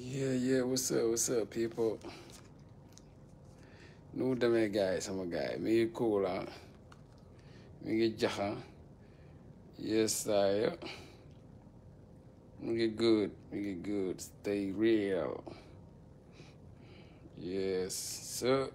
Yeah, yeah, what's up, what's up, people? nu demee gars yi sama gars cool, huh? ngi Kula mi ngi Jaxa sir. mi ngi good mi ngi good stay real yes sir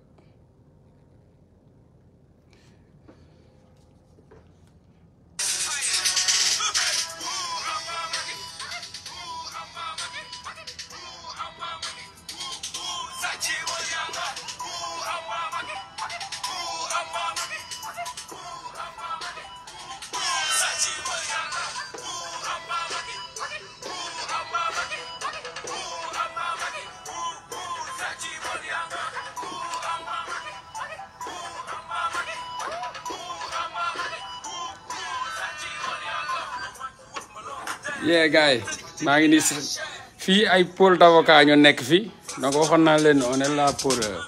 bien gars yi maa ngi ay pôle d'avocat ñu nekk fi donc on est là pour euh,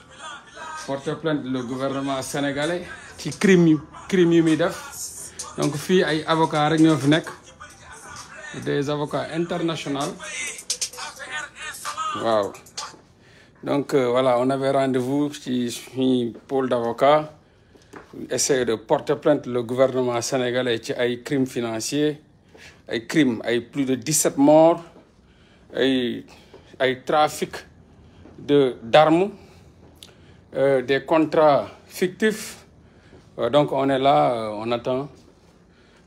porter plainte le gouvernement sénégalais qui crime crime yu mi def donc fi ay avocat rek ñoo fi nekk des avocats internationaux waaw donc euh, voilà on avait rendez-vous ci un pôle d'avocats essayer de porter plainte le gouvernement sénégalais ci ay crimes financiers ay crime, plus de 17 morts ay trafic de d'armes euh, des contrats fictifs euh, donc on est là euh, on attend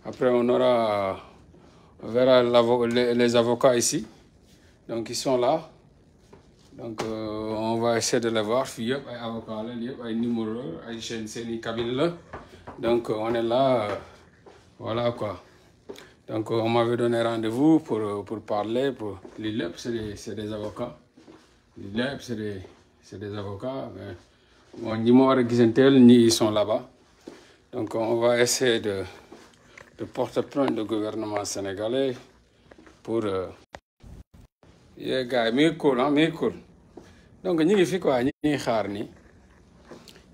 après on aura on verra les, avocats ici donc ils sont là donc on va essayer de les voir ay numéro ay chaîne donc on est là voilà quoi donc, on m'avait donné rendez-vous pour, euh, pour, parler. Pour... LEP, c'est des, des, avocats. LEP, c'est des, des, avocats. Mais... Bon, ni moi, ni ils sont là-bas. Donc, on va essayer de, de porter plainte au gouvernement sénégalais pour. Les euh, Yeah, gars, mais cool, hein, ah, mais cool. Donc, nous fait quoi Nous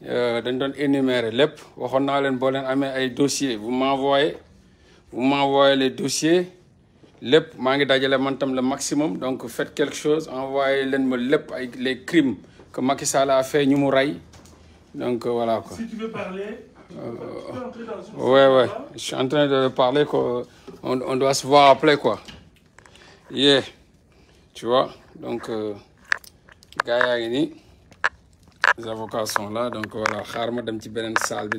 euh, avons dañ doon énumérer lépp un naa un boo dossiers vous m'envoyez vous m'envoyez les dossiers Lep vais dajale le maximum donc faites quelque chose envoyez leen avec les crimes que Macky Sall a fait ñu donc euh, voilà quoi. si tu veux parler. Euh, ouais ouais je suis en train de parler on doit se voir après quoi. yeah tu vois donc euh, Gaïa les avocats sont là donc voilà xaar Madame dem ci beneen salle bi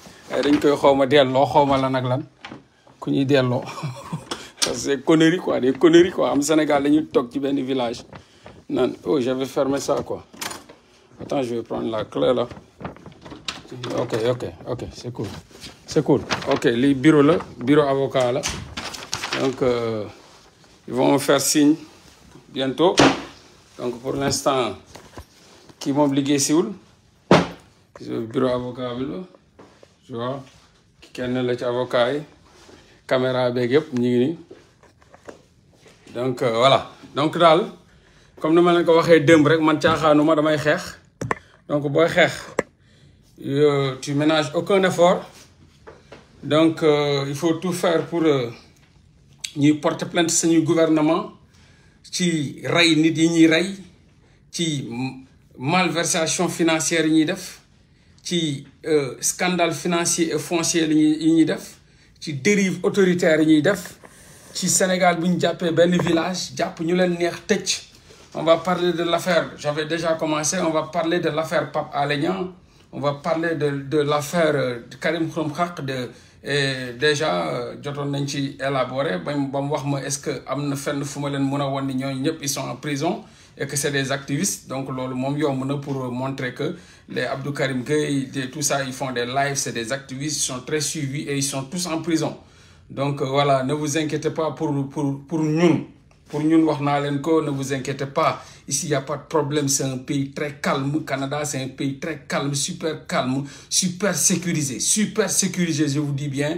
Eh, dañ koy xawma delloo xawma la ak lan ku ñuy delloo parce que connerie quoi des conneries quoi am Sénégal dañuy toog ci benn village naan oh j'avais fermé ça quoi attends je vais prendre la clé là ok ok ok c'est cool c'est cool ok lii bureau la bureau avocat la donc euh, ils vont faire signe bientôt donc pour l'instant kii moom liggéey siwul bureau avocat bi la tu vois kenn la avocat caméra beeg yëpp donc euh, voilà donc là, comme nous ma leen ko waxee démb rek man caaxaanu damay donc boy, xeex euh, tu ménages aucun effort donc euh, il faut tout faire pour porter plainte le gouvernement qui raille nit yi ñuy rey ci malversation financière ni ñuy def ci euh, scandale financier et foncier li ont yi def ci dérive autoritaire yi qui def ci Sénégal qui jappé jàppee village japp ñu leen neex tecc on va parler de l'affaire j'avais déjà commencé on va parler de l'affaire Pape Alé on va parler de de l'affaire euh, Karim Xrum de déjà euh, jotoon nañ ci élaborer bam wax ma est-ce que amna fenn fuma leen mëna won ils sont en prison et que c'est des activistes donc lolu moment yomb na pour montrer que les Abdou Karim Gueye, tout ça, ils font des lives, c'est des activistes, ils sont très suivis et ils sont tous en prison. Donc euh, voilà, ne vous inquiétez pas pour, pour, pour nous. Pour nous, ne vous inquiétez pas. Ici, il n'y a pas de problème. C'est un pays très calme. Canada, c'est un pays très calme, super calme, super sécurisé. Super sécurisé, je vous dis bien.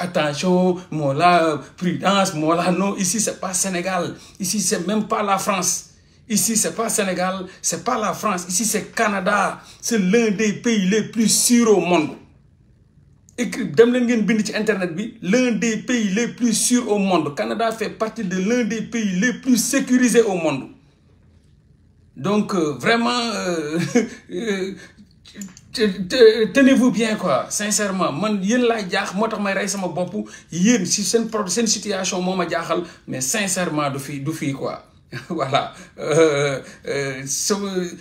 attention, moi euh, prudence, moi non, ici c'est pas Sénégal, ici c'est même pas la France. Ici, c'est pas Sénégal, c'est pas la France, ici c'est Canada, c'est l'un des pays les plus sûrs au monde. internet l'un des pays les plus sûrs au monde Canada fait partie de l'un des pays les plus sécurisés au monde donc euh, vraiment euh, tenez-vous bien quoi sincèrement man yéen laa jax motax may ray sama bop yéen si sen sen situation moma jaxal mais sincèrement du fi du fi quoi voilà C'est euh, euh,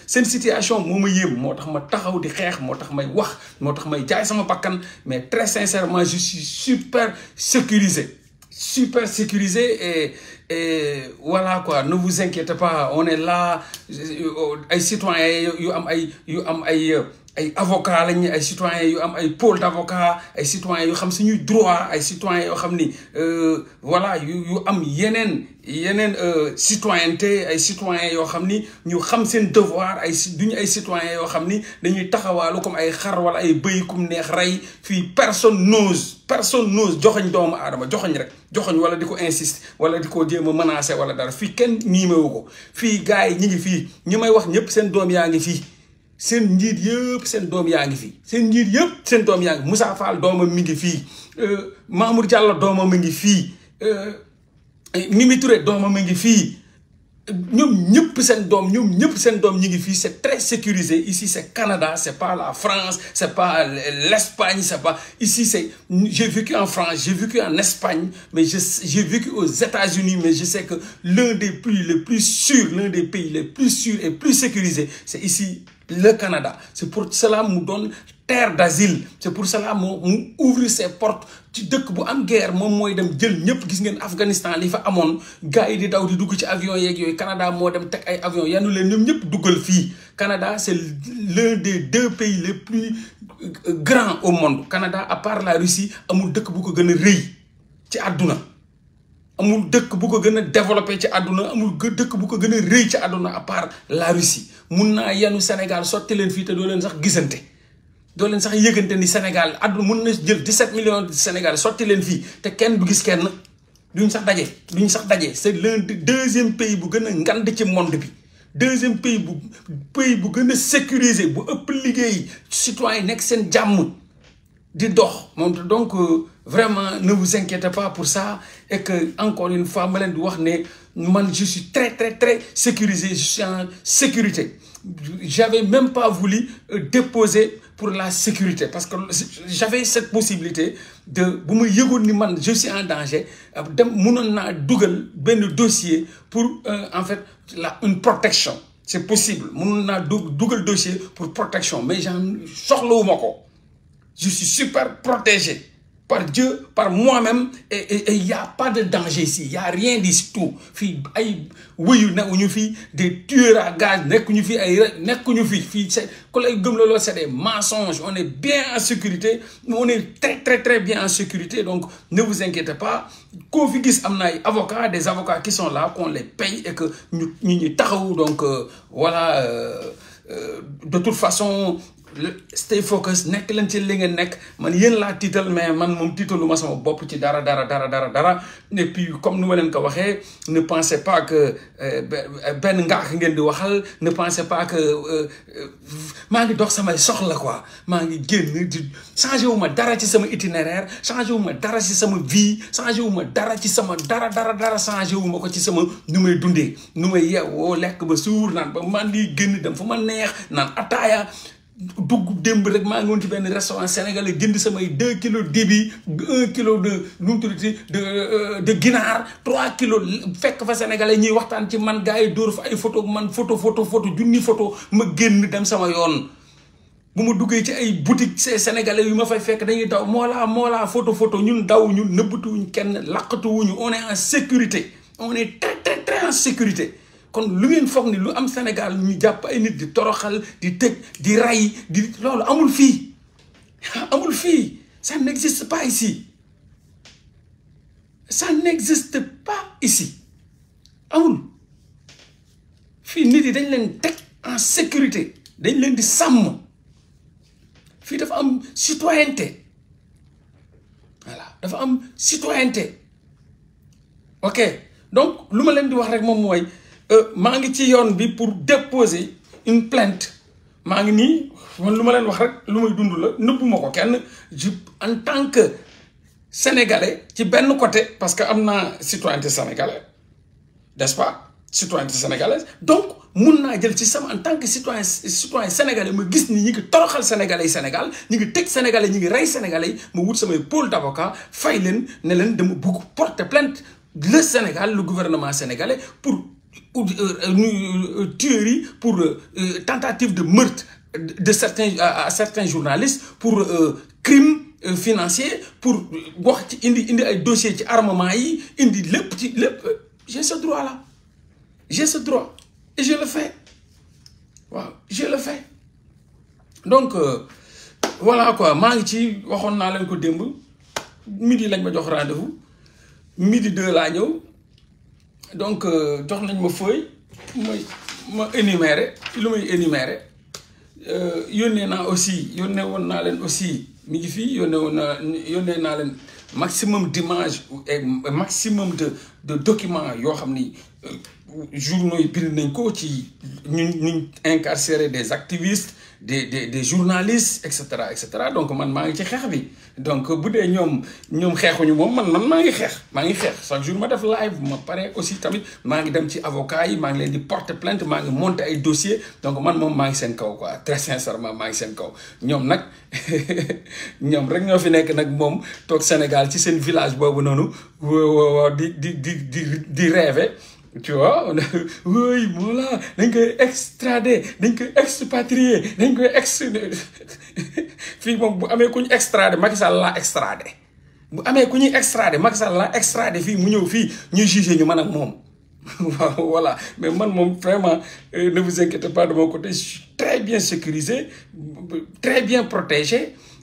seen situation moma yem motax ma taxaw di xex motax may wax motax may jaay sama bakkan mais très sincèrement je suis super sécurisé super sécurisé et et voilà quoi ne vous inquiétez pas on est là euh, ay citoyens yu am ay yu am ay ay avocat lañ ay citoyen yu am ay pôle d'avocat ay citoyen yu xam suñuy droit ay citoyen yo xamni ni euh, voilà yu yu am yenen leurs citoyenneté ay citoyen yo xamni ñu xam seen devoir ay les ay citoyen yo xamni dañuy comme ay xar ay beuy kum neex ray fi personne n'ose personne n'ose les doom les joxoñ rek wala diko ko insiste wala diko ko menacer wala dara Les kenn les ko les gaay ñi ngi fi ñi may wax seen doom sen njiit yëpp sen dom yaa ngi fii seen njiit yëpp seen doom yaa ngi Moussa Fall doomam mi ngi euh Mamour Diallo doomam mi ngi euh Mimi Touré doomam mi ngi fii ñoom ñëpp seen doom ñoom ñëpp seen doom ngi fi c'est très sécurisé ici c'est Canada c'est pas la France c'est pas l'Espagne c'est pas ici c'est j'ai vécu en France j'ai vécu en Espagne mais j'ai vécu aux États-Unis mais je sais que l'un des plus les plus sûrs l'un des pays les plus sûrs et plus sécurisés c'est ici le Canada. C'est pour cela mu doon terre d'asile c'est pour cela moo mu ouvrir ses portes ci dëkk bu am guerre moom mooy dem jël ñëpp gis ngeen Afghanistan li fa amoon gars di daw di dugg ci avion yeeg yooyu Canada moo dem teg ay avion yanu leen ñoom ñëpp duggal fii Canada c'est l'un des deux pays les plus euh, grands au monde Canada à part la Russie amul dëkk bu ko gën a rëy ci àdduna amul dëkk bu ko gën a développé ci àdduna amul dëkk bu ko gën a rëy ci àdduna à part la Russie mun naa yenu Sénégal sotti leen fii te doo leen sax gisante doo leen sax yëgante ni Sénégal àdduna mun na jël 17 millions de Sénégal sotti leen fii te kenn du gis kenn duñ sax daje duñ sax daje c'est l'un des deuxième pays bu gën a ngand ci monde bi deuxième pays bu pays bu gën a sécurisé bu ëpp liggéey citoyen nekk seen jàmm di dox moom donc euh, Vraiment, ne vous inquiétez pas pour ça. Et que, encore une fois, je suis très, très, très sécurisé. Je suis en sécurité. J'avais même pas voulu euh, déposer pour la sécurité. Parce que j'avais cette possibilité de, je suis en danger, de Google un dossier pour, euh, en fait, une protection. C'est possible. Je Google dossier pour protection. Mais j'en sors Je suis super protégé par Dieu, par moi-même, et il n'y a pas de danger ici, il n'y a rien d'ici tout. Fii ay wëyu nekkuñu fii des tueurs à gaz, nekkuñu fii ay nekkuñu fii c'est c'est des mensonges on est bien en sécurité on est très très très bien en sécurité donc ne vous inquiétez pas koo fi gis avocats des avocats qui sont là qu'on les paye et que nous ñu taxawu donc euh, voilà euh, euh, de toute façon stay focus nekk leen ci li ngeen nekk man yéen laa tiital mais man moom tiitalu ma sama bopp ci dara dara dara dara dara et puis comme nu ma leen ko waxee ne pensez euh, euh, benn ngaax ngeen di waxal ne pensez que euh, maa ngi dox samay soxla quoi maa ngi génn di dara ci sama itinéraire changé wu ma dara ci sama vie changé wu ma dara ci sama dara dara dara changé wu ma ko ci sama nu may dundee nu may yeewoo lekk ba suur naan ba man di génn dem fu ma neex naan ataaya dugg démb rek maa ngi ci benn restaurant sénégalais jënd samay deux kilo débit un kilo de nu mu tuddati de euh, de ginaar trois kilos fekk fa sénégalais ñuy waxtaan ci man gaa yi dóor fa ay photo man photo photo photo junni photo ma génn dem sama yoon bu ma duggee ci ay boutique see yu ma fay fekk dañuy daw moolaa moolaa photo photo ñun daw ñun nëbbatuwuñ kenn laqatuwuñu on est en sécurité on est très très en sécurité kon lu ngeen foog ni lu am Sénégal ñu jàpp ay nit di toroxal di tëj di rey di loolu amul fii amul fii ça n'existe pas ici ça n'existe pas ici amul fii nit yi dañ leen teg en sécurité dañ leen di sàmm fii dafa am citoyenneté voilà dafa am citoyenneté ok donc lu ma leen di wax rek moom mooy euh, mangi ci pour déposer une plainte mangi ni man lu wax rek lu la en tant que sénégalais ci benn côté parce que amna citoyen citoyenneté Sénégalais. n'est-ce pas citoyenneté donc mun na jël ci en tant que citoyen sénégalais ma gis ni ñi sénégalais Sénégal ñi ngi sénégalais ñi sénégalais wut sama d'avocat fay ne porter plainte le Sénégal le gouvernement sénégalais pour euh, euh, euh, tuerie pour tentative de meurtre de certains à, certains journalistes pour crime financier pour wax indi indi dossier ci armement yi indi petit ci j'ai ce droit là j'ai ce droit et je le fais je le fais donc voilà quoi maa ngi ci waxoon naa leen ko démb midi lañ ma jox rendez-vous midi deux la ñeu donc euh, jox nañ ma feuille moy ma énumérer lu euh, aussi aussi mi maximum d'images et maximum de documents yo euh, journaux des activistes des des journalistes etc. etc donc man suis ci donc si vous man je jour live je aussi tamit maa dem ci avocat yi maa porte plainte je monte monter dossier donc man suis maa ngi très sincèrement je suis kaw sont rek fi Sénégal ci leur village boobu tu vois oui voilà koy extrader koy expatrié, koy ex bu Macky Sall Macky Sall voilà mais man vraiment euh, ne vous inquiétez pas de mon côté je suis très bien sécurisé très bien protégé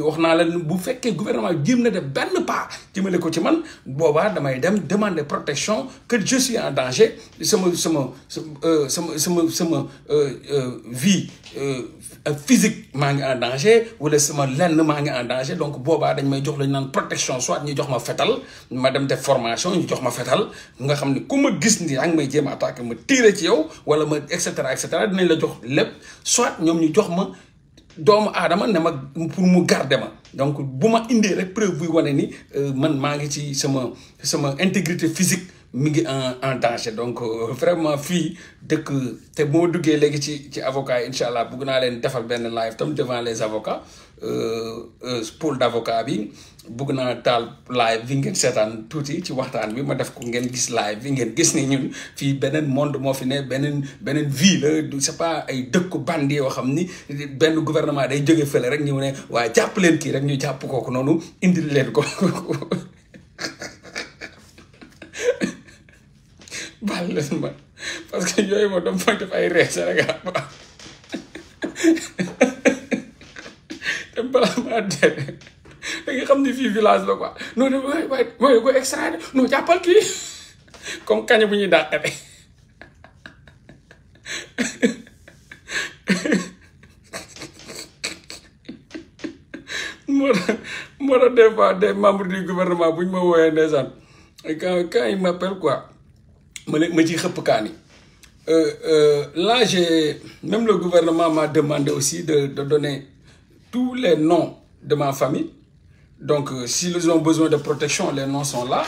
wax naa la bu fekkee gouvernement bi jéem na def benn pas jëmale ko ci man boobaa damay dem demander protection que je suis en danger euh, sama sama sama sama euh, sama euh, vie physique maa ngi en danger wala sama lenn maa ngi en danger donc boobaa dañ may jox lañu naan protection soit ñu jox ma fetal ma dem def formation ñu jox ma fetal nga xam ne ku ma gis ni yaa ngi may jéem attaqué ma tiire ci yow wala ma et cetera et cetera dinañ la jox lépp soit ñoom ñu jox ma doomu aadama ne ma pour mu garder ma donc bu ma indee rek preuve buy wane ni euh, man maa ngi ci sama sama intégrité physique mi ngi en en danger donc euh, vraiment fii dëkk te moo duggee léegi ci ci avocat yi incha allah bëgg naa leen defal benn live tam devant les avocats euh, pôle d'avocat bi. bëgg naa taal live bi ngeen seetaan tuuti ci waxtaan bi ma def ko ngeen gis live bi ngeen gis ni ñun fii beneen monde moo fi ne beneen beneen ville la du c'est pas ay dëkku bandi yoo xam ni benn gouvernement day jóge fële rek ñu ne waaye jàpp leen kii rek ñu jàpp kooku noonu indi leen ko baal leen ma parce que yooyu ma dam fay def ay ree Sénégal balaa maa dee da xam ne fii village la quoi non non waaye waaye ko extraire non jàppal kii comme kañ bu ñuy dàqate moo tax moo tax des bu ñu ma wooyee ndeysaan quoi ma ne ma ciy xëpp kaan yi euh, euh, là j'ai même m'a demandé aussi de de donner tous les noms de ma famille Donc, euh, s'ils ont besoin de protection, les noms sont là.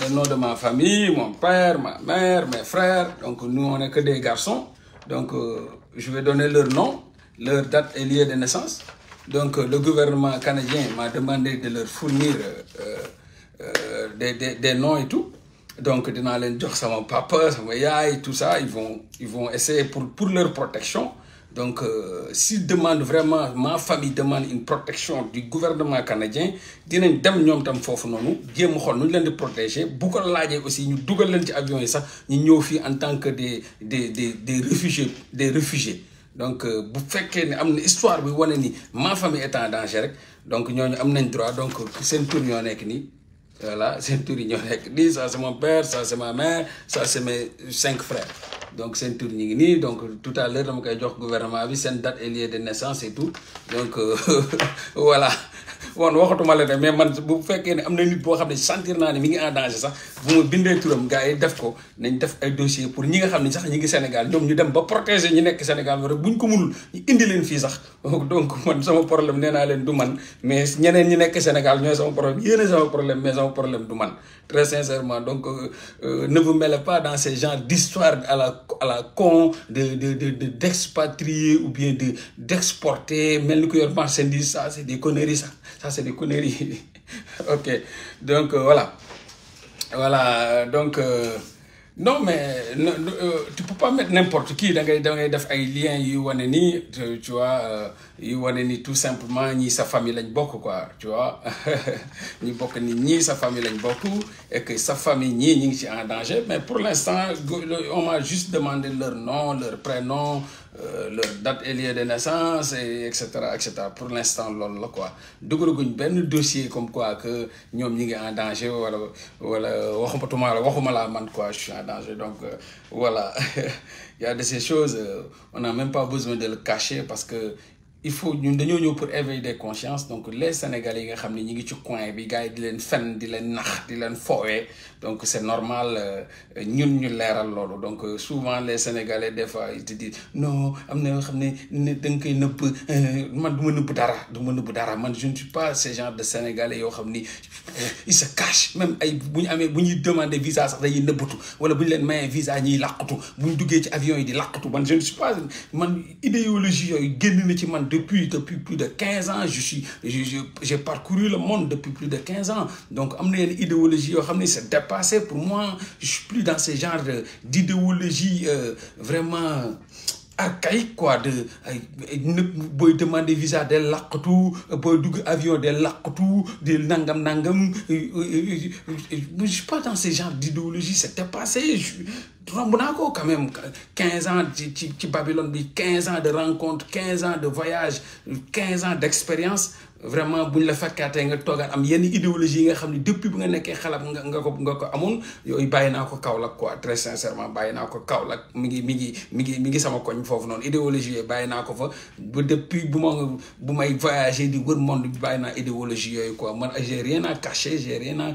Les noms de ma famille, mon père, ma mère, mes frères. Donc, nous, on n'est que des garçons. Donc, euh, je vais donner leur nom, leur date et lieu de naissance. Donc, euh, le gouvernement canadien m'a demandé de leur fournir des, noms et tout. Donc, dans les ça mon papa, ça mon yai, tout ça, ils vont, ils essayer pour leur protection. Donc, euh, s'ils demandent vraiment, ma famille demande une protection du gouvernement canadien, ils vont nous protéger. Beaucoup de aussi, nous doublons les avions et ça, nous sommes en tant que des, des, des, des réfugiés. Des réfugiés. donc euh, bu fekkee ne am na histoire bi wane ni ma famille est en danger donc nous am nañ droit donc c'est tur ñoo nekk nii voilà seen tur yi ça c'est mon père ça c'est ma mère ça c'est mes cinq frères donc c'est une tournée. donc tout à l'heure dit que le gouvernement avait une date et lieu de naissance et tout donc euh, voilà man waxatuma la de mais man bu fekkee ne am na nit boo xam ne sentir naa ne mi ngi en danger sax bu ma bindee turam gars yi def ko nañ def ay dossier pour ñi nga xam ne sax ñi ngi Sénégal ñoom ñu dem ba protéger ñi nekk Sénégal rek bu ko mënul ñu indi leen fii sax donc man sama problème nee naa leen du man mais ñeneen ñi nekk Sénégal ñooy sama problème yéen sama problème mais sama problème du man très sincèrement donc euh, euh, ne vous mêlez pas dans ces genres d'histoire à la à la con de de de d'expatrier ou bien de d'exporter mel ni ko yor marchandise ça c'est des conneries ça c'est des conneries. ok. Donc, euh, voilà. Voilà. Euh, donc, euh, non, mais tu peux pas mettre n'importe qui dans les liens, tu, tu vois, Yuaneni, tout simplement, ni sa famille, ni beaucoup, quoi, tu vois, ni beaucoup, ni, sa famille, ni beaucoup, et que sa famille, ni, ni, en danger, mais pour l'instant, on m'a juste demandé leur nom, leur prénom, euh, le date et lieu de naissance et etc etc pour l'instant loolu la quoi dugaluguñ benn dossier comme quoi que nous ñi ngi en danger wala wala waxumatuma la waxuma laa man quoi je suis en danger donc euh, voilà il y a de ces choses euh, on n'a même pas besoin de le cacher parce que il faut ñun dañu ñëw pour éveiller des consciences donc les sénégalais yi nga xam ñi ngi ci coin bi gars yi di len fen di len nax di len fowé donc c'est normal euh, ñun ñu léral lolu donc euh, souvent les sénégalais des fois ils te disent non amna na yoo xam ne da nga koy nëbb euh, man du ma nëbb dara du ma dara man je ne suis pas ce genre de sénégalais yo xamni ils se cachent même ay bu ñu amee demander visa sax dañuy neubatu wala buñ len mayé visa ñi laqatu buñ duggé ci avion yi di laqatu man je ne suis pas man idéologie yoy génn na ci man depuis, depuis plus de 15 ans, je suis, j'ai parcouru le monde depuis plus de 15 ans. Donc, amener une idéologie, c'est dépassé pour moi. Je suis plus dans ce genre d'idéologie euh, vraiment quoi de ne boy demander visa de l'acte boy avion des l'acte des nangam nangam euh, euh, euh, je suis pas dans ce genre d'idéologie c'était passé quand même 15 ans de Babylone 15 ans de rencontres 15 ans de voyages 15 ans d'expérience vraiment buñ la fakkaté nga am idéologie nga depuis bu nga nekkee xalab nga nga ko quoi très sincèrement mi ngi mi ngi mi ngi sama idéologie depuis bu may voyager wër monde bayina idéologie quoi man j'ai rien à cacher j'ai rien à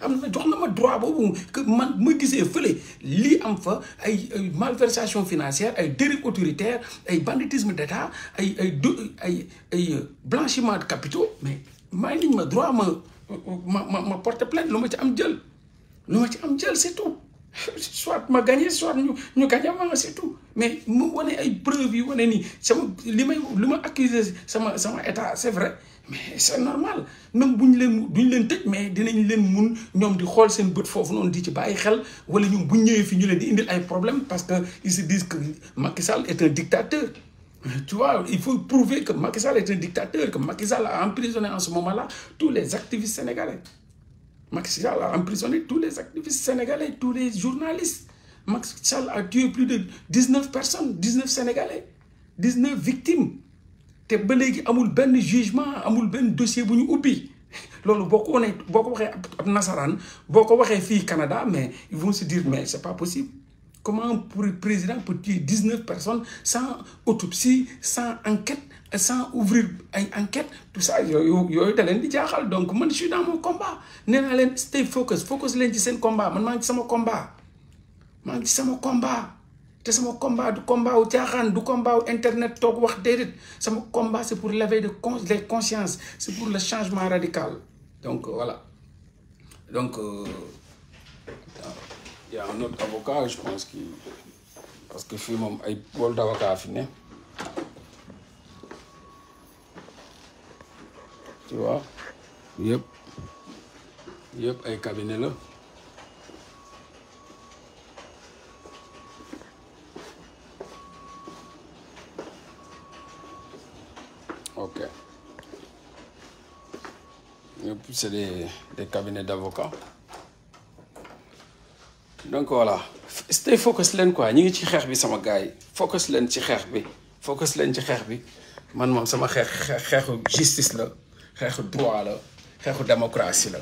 am na jox na ma droit boobu que man ma gisee fële lii am fa ay malversation financière ay dérive autoritaire ay banditisme d'État ay ay ay ay blanchiment de capitaux mais may nañ ma droit ma ma ma ma porter plainte lu ma ci am jël lu ma ci am jël c'est tout soit ma gagné soit ñu ñu gagné ma c'est tout mais mu wane ay preuves yi wane nii sama li may lu ma accuser sama sama état c'est vrai mais c'est normal même buñ ñu leen duñ leen mais dinañ leen mën ñom di xol seen bët fofu non di ci bàyyi xel wala ñoom buñ ñëwé fi ñu dit di ont ay problème parce que ils se disent que Macky Sall est un dictateur. Tu vois, il faut prouver que Macky Sall est un dictateur, que Macky Sall a emprisonné en ce moment-là tous les activistes sénégalais. Macky Sall a emprisonné tous les activistes sénégalais, tous les journalistes. Macky Sall a tué plus de 19 personnes, 19 Sénégalais, 19 victimes te ba a amul ben jugement amul ben dossier buñu ñu lolu loolu on ko wanee boo ko waxee ab nasaraan boo ko Canada mais ils vont se dire mais c'est pas possible comment un président peut tuer 19 personnes sans autopsie sans enquête sans ouvrir une enquête tout ça yooyu yooyu da leen di jaxal donc man je suis dans mon combat néna len stay focus focus len ci sen combat man je ci sama combat man suis ci sama combat c'est mon combat du combat au Tiaran, du combat au internet toog wax Mon combat c'est pour lever de des consciences c'est pour le changement radical donc euh, voilà donc il euh, y a un autre avocat je pense qui parce que je suis un d'avocat à tu vois yep yep un cabinet là Ok. Et puis, c'est des, des cabinets d'avocats. donc voilà stay focus leen quoi Ni ngi ci xeex bi sama gars focus leen ci xeex bi focus leen ci xeex bi man moom sama xeex xeexu justice la xeexu droit la xeexu démocratie la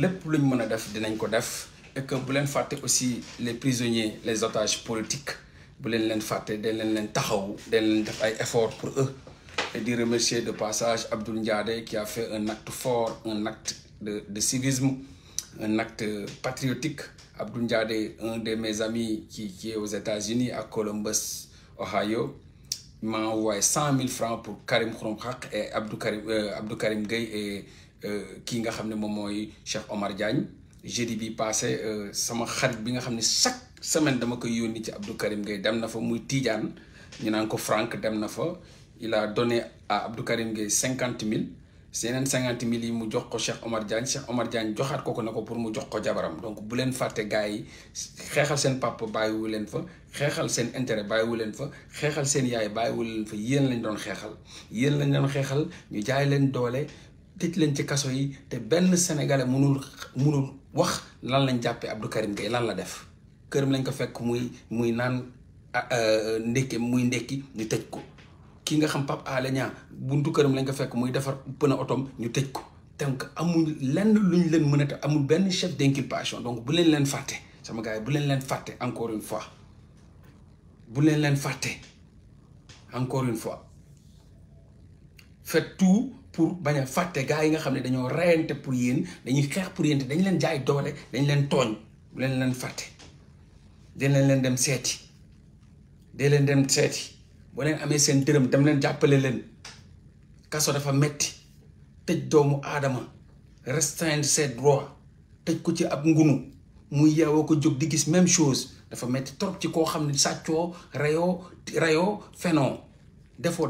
Le plus luñ mën a def dinañ ko def et que bu leen aussi les prisonniers les otages politiques bu leen leen fàtte dañ leen leen taxawu dañ def ay efforts pour eux et de remercier de passage Abdoul Ndiade qui a fait un acte fort, un acte de, civisme, un acte patriotique. Abdoul Ndiade, un de mes amis qui, est aux États-Unis, à Columbus, Ohio, m'a envoyé 100 000 francs pour Karim Khouroum et Abdou Karim, euh, Gay et qui euh, nga xamné chef Omar Diagne J'ai dit, passé euh, sama xarit bi chaque semaine dama koy yoni ci Abdou Karim Gueye dem suis fa muy Tidiane ñu nan ko Franck dem na il a donné à Abdou Karim Gueye 50 000. C'est un cinquante mille yi mu jox ko Cheikh Omar Diagne Cheikh Omar Diagne joxaat ko ko ne ko pour mu jox ko jabaram donc bu leen fàtte gars yi xeexal seen papa bàyyiwu leen fa xeexal sen intérêt bàyyiwu leen fa xeexal sen yaay bàyyiwu leen fa yeen lañ doon xeexal yeen lañ doon xeexal ñu jaay leen doole tëj leen ci kasso yi te ben sénégalais munul munul wax lan lañ jappé Abdou Karim Gueye lan la def këram lañ ko fekk muy muy naan euh, ndékki muy ndékki ñu tejj ko ki nga xam Pape Alé Niang buntu keureum lañ ko fekk muy defar pneu otom ñu tejj ko donc amul lenn luñ leen mëna te amul ben chef d'inculpation donc bu leen leen faté sama gaay bu leen leen faté encore une fois bu leen leen faté encore une fois faites tout pour baña faté gaay nga xam ne dañoo reyante pour yeen dañuy xeex pour yeen dañ leen jaay doole dañ leen togn bu leen leen faté dañ leen leen dem séti dañ leen dem séti boo leen amee seen dem len len kaso dafa metti tëj doomu adama restreindre ses droits tëj ko ci ab ngunu muy yeewoo ko di gis même chose dafa metti trop ci ko xamni rayo rayo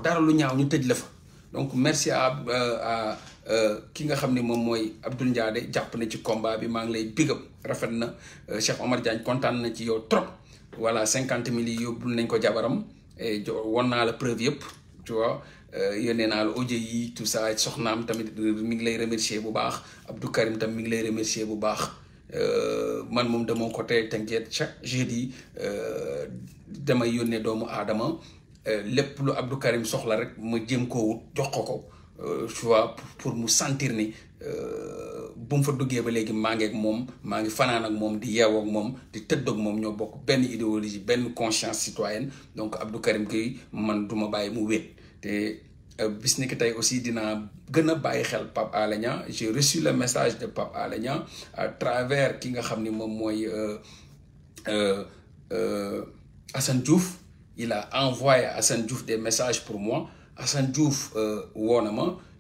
dara lu ñaaw ñu la fa donc merci à euh, euh, nga ne moy Abdoul Ndiade japp na ci combat bi ma ngi lay euh, Cheikh Omar Diagne ci trop voilà 50 millions jabaram won naa la preuve yëpp tu vois euh, yónnee naa la audio yi tout ça soxnaam tamit euh, mi ngi lay remercier bu baax Abdou Karim tam mi ngi lay remercier bu baax euh, man moom de mon côté t'inquiète chaque jeudi damay yónnee doomu aadama lépp lu Abdou Karim soxla rek mu jëm koo jox ko ko pour mu sentir ni. bu mu fa duggee ba légui mangé ak mom mangi fanan ak mom di yew ak mom di teud ak mom ñoo bokk ben idéologie ben conscience citoyenne donc Abdou Karim Gueye man du baye mu wéet té euh, bis ni ki tay aussi dina gën baye xel Pape Alé Niang j'ai reçu le message de Pape Alé Niang à travers ki nga xamni mom moy euh euh euh Assane Diouf il a envoyé à Assane Diouf des messages pour moi Assane Diouf euh, woo na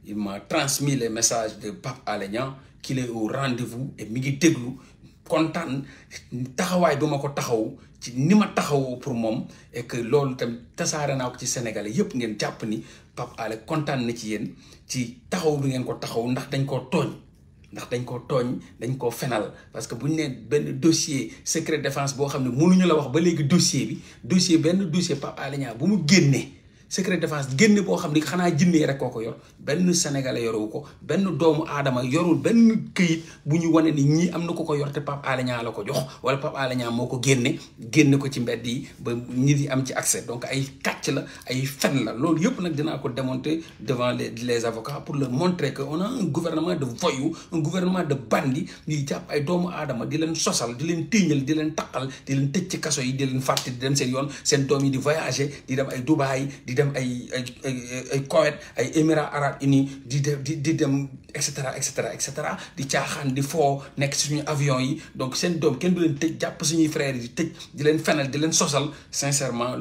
il m'a transmis les messages de Pape Alé Niang qu'il est au rendez-vous et mi ngi déglu kontaan taxawaay bi ko taxaw ci ni taxaw pour mom et que loolu tam tasaare naa ko ci sénégalais yépp ngeen japp ni Pape ale contane na ci yéen ci taxaw bi ngeen ko taxaw ndax dañ ko togn ndax dañ ko togn dañ ko fenal parce que buñ né ben dossier secret défense bo xamné ne mënuñu la wax ba légui dossier bi dossier ben dossier Pape Alé bu mu génné secret défense génne boo xam ni xanaa jinnee rek koo ko yor benn sénégalais yorewu ko benn doomu aadama yorul benn këyit bu ñu wane ni ñii am na ko ko yor te pap Alé la ko jox wala pap Alé Niang moo ko génne génne ko ci mbedd yi ba nit yi am ci accès donc ay kàcc la ay fen la loolu yëpp nag dinaa ko démonter devant les les avocats pour le montrer que on a un gouvernement de voyou un gouvernement de bandi ñuy jàpp ay doomu aadama di leen sosal di leen tiiñal di leen taqal di leen tëj ci kaso yi di leen fàtte di dem seen yoon seen doom yi di voyager di dem ay Dubaï di dem ay ay ay ay Koweït ay di dem etc. etc. etc. Des des di des di donc nek suñu avion yi donc sen doom ken du len tej japp suñu frères yi tej di len di sosal sincèrement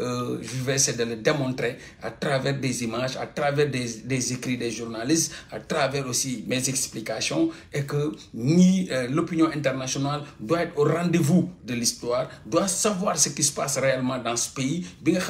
euh, je vais essayer de le démontrer à travers des images à travers des écrits des journalistes à travers aussi mes explications et que ni euh, l'opinion internationale doit être au rendez-vous de l'histoire doit savoir ce qui se passe réellement dans ce pays bi nga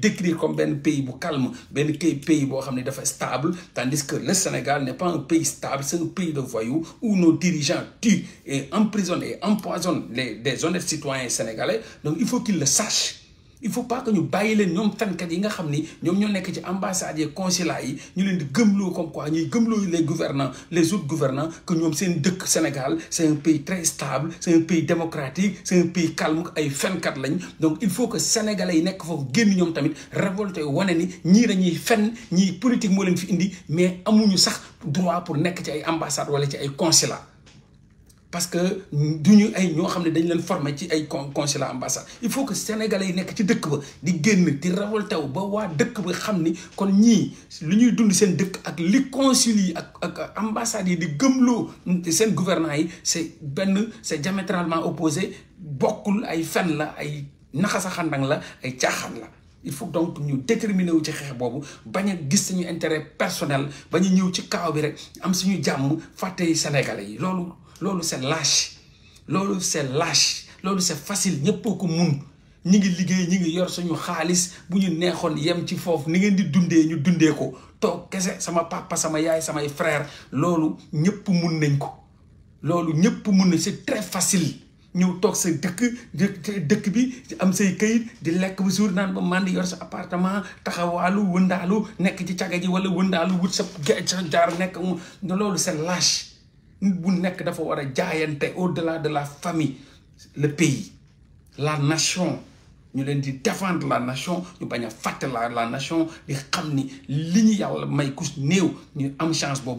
décrire comme un pays bu calme un pays bo stable tandis que le Sénégal pas un pays stable, c'est un pays de voyous où nos dirigeants tuent et emprisonnent et empoisonnent les, des honnêtes citoyens sénégalais. Donc il faut qu'ils le sachent il faut pas que ñu bàyyi les ñoom fenkat yi nga xam nous ñoo nekk ci ambassades et consulat yi ñu leen di comme quoi Nous gëmloo les gouvernants les autres gouvernants que ñoom seen dëkk Sénégal c'est un pays très stable c'est un pays démocratique c'est un pays calme ay fenkat lañ donc il faut que sénégalais yi nekk foofu génn ñoom tamit révolté wane ni rien dañuy fen ni politique moo leen fi indi mais amuñu sax droit pour nekk ci ay ambassades wala ci ay parce que duñu ay ñoo xamné ne dañ leen former ci ay consulat ambassade il faut que sénégalais yi nek ci dëkk ba di génn di révolté wu ba wa dëkk ba xamni kon ñi lu ñuy dund seen dëkk ak li consulat ak ak ambassades yi di gëmlo seen gouvernement yi c'est ben c'est diamétralement opposé bokkul ay fen la ay naxasa xandang la ay caaxaan la il faut donc ñu déterminer wu ci xex bobu baña gis suñu intérêt personnel bañ ñew ci kaw bi rek am suñu jamm fàtte sénégalais yi lolu loolu c'est lâche loolu c'est lâche loolu c'est facile ñëpp a ko mun ñi ngi liggéey ñi ngi yor suñu xaalis bu ñu neexoon yem ci foofu ni ngeen di dundee ñu dundee ko toog kese sama papa sama yaay samay frère loolu ñëpp mun nañ ko loolu ñëpp mun nañ c'est très facile ñëw toog sa dëkk dëkk bi am say kayit di lekk bu suur naan ba màndi yor sa appartement taxawaalu wëndaalu nekk ci caga ji wala wëndaalu wut sa jaar nekk loolu c'est lâche bu nekk dafa war a au-delà de la famille le pays la nation nous leen défendre la nation nous la nation nous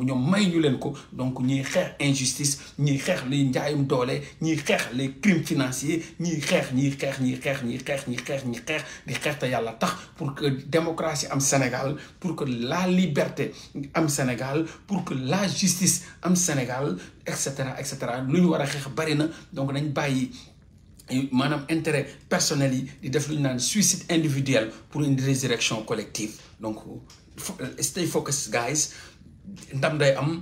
li chance injustice les crimes financiers nous nous la pour que démocratie Sénégal pour que la liberté Sénégal pour que la justice en Sénégal etc., etc manam intérêt personnel yi di def lu suicide individuel pour une résurrection collective donc euh, stay focus guys ndam day am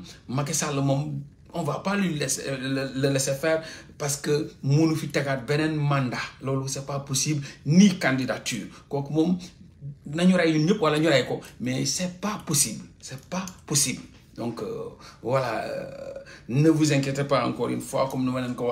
on va pas euh, le laisser faire parce que mënu fi tegaat un mandat Ce c'est pas possible ni candidature kok mom nañu ray ñun ñëpp wala ñu mais c'est pas possible c'est pas possible donc euh, voilà ne vous inquiétez pas encore une fois comme nous venons de ko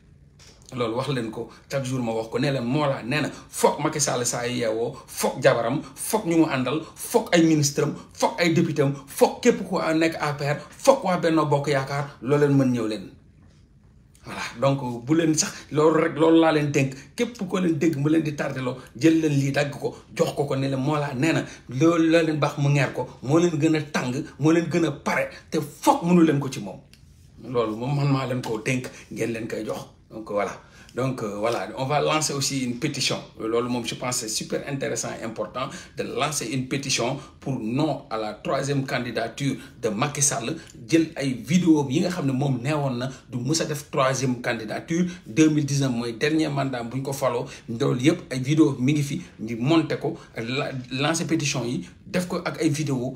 loolu wax leen ko chaque jour ma wax ko nee leen Mollah nee na foog Macky Sall saa yi yeewoo foog jabaram foog ñu mu àndal foog ay ministre am foog ay député am foog képp ku nekk APR foog waa Benno Bokk Yaakaar loo leen mën ñëw leen. voilà donc bu leen sax loolu rek loolu laa leen dénk képp ko leen dégg mu leen di tardeloo jël leen lii dagg ko jox ko ko ne leen Mollah nee na loolu la leen baax mu ngeer ko moo leen gën a tàng moo leen gën a pare te foog mënu leen ko ci moom. loolu moom man maa leen koo dénk ngeen leen koy jox. Donc euh, voilà. Donc euh, voilà, on va lancer aussi une pétition. Je pense c'est super intéressant et important de lancer une pétition pour non à la troisième candidature de Macky Sall. a une vidéo yi nga xamné mom néwon de du def troisième candidature 2019 moy dernier mandat buñ ko falo ndol yépp ay vidéo mi ngi fi monter lancer pétition yi def ko ak vidéo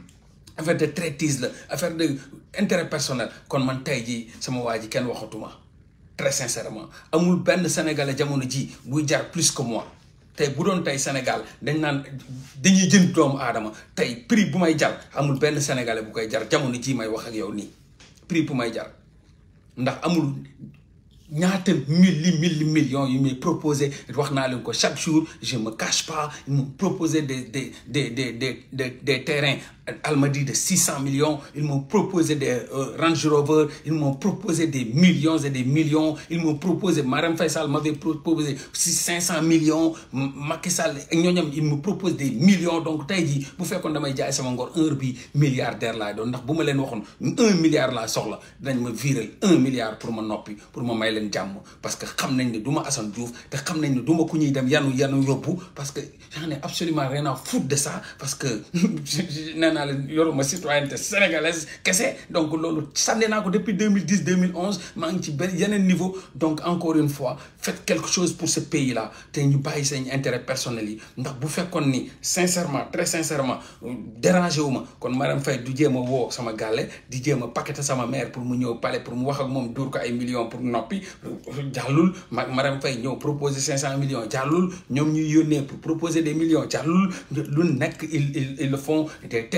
affaire de traitise la affaire de intérêt personnel kon man tay ça sama waji ken waxatuma très sincèrement amul ben sénégalais jamono ji bu jar plus que moi tay bu doon tay Sénégal dañ nan dañuy jënd doomu aadama tey prix bu may jar amul Sénégal sénégalais bu koy jar jamono ji may wax ak yow ni. prix bu may jar ndax amul ñaata mille mille millions yu me proposé wax voir leen ko chaque jour je me cache pas m'ont proposé des des des des des des terrains dit de 600 millions, ils m'ont proposé des euh, Range Rover, ils m'ont proposé des millions et des millions, ils m'ont proposé, Madame Faisal m'avait proposé 500 millions, Macky Sall, ils me proposent des millions. Donc, t'as dit, vous faites qu'on a dit, c'est encore un milliardaire là. Donc, si je vous un milliard là, sort là, je me virer un milliard pour mon nopi, pour mon maïlen jam. Parce que je sais que je suis Hassan Diouf, je sais que je suis Kouni Dam Yanou Yanou Yobou, parce que j'en ai absolument rien à foutre de ça, parce que nee naa ma citoyenneté sénégalaise c'est donc lolu sànni nako depuis 2010 2011 mang ci benn niveau donc encore une fois faites quelque chose pour ce pays là té ñu bàyyi un intérêt personnel yi ndax bu faire ni sincèrement très sincèrement dérangé vous ma kon madame fay du jéem wo sama galé di paquette paqueté sama mère pour mu au palais pour mu wax ak mom dur ko ay millions pour nopi jàllul ma madame Faye ñëw proposer 500 millions jallul ñom ñuy yónnee pour proposer des millions jallul lu nek ils ils le font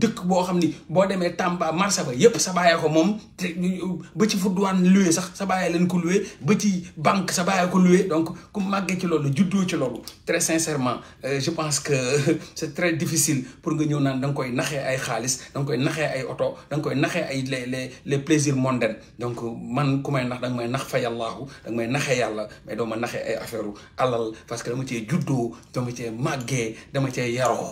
dëkk boo xam ni boo demee Tamba marché ba yépp sa baayee ko moom te ba ci fu douane loué sax sa baayee leen ko loué ba ci banque sa baayee ko loué donc ku màggee ci loolu juddoo ci loolu très sincèrement euh, je pense que c'est très difficile pour nga ñëw naan da nga koy naxee ay xaalis da nga koy naxee ay oto da nga koy naxee ay les les les plaisirs mondains donc man ku may nax da nga may nax fa yàllaahu da nga may naxee yàlla mais doo ma naxee ay affaire alal parce que dama cee juddoo dama cee màggee dama cee yaroo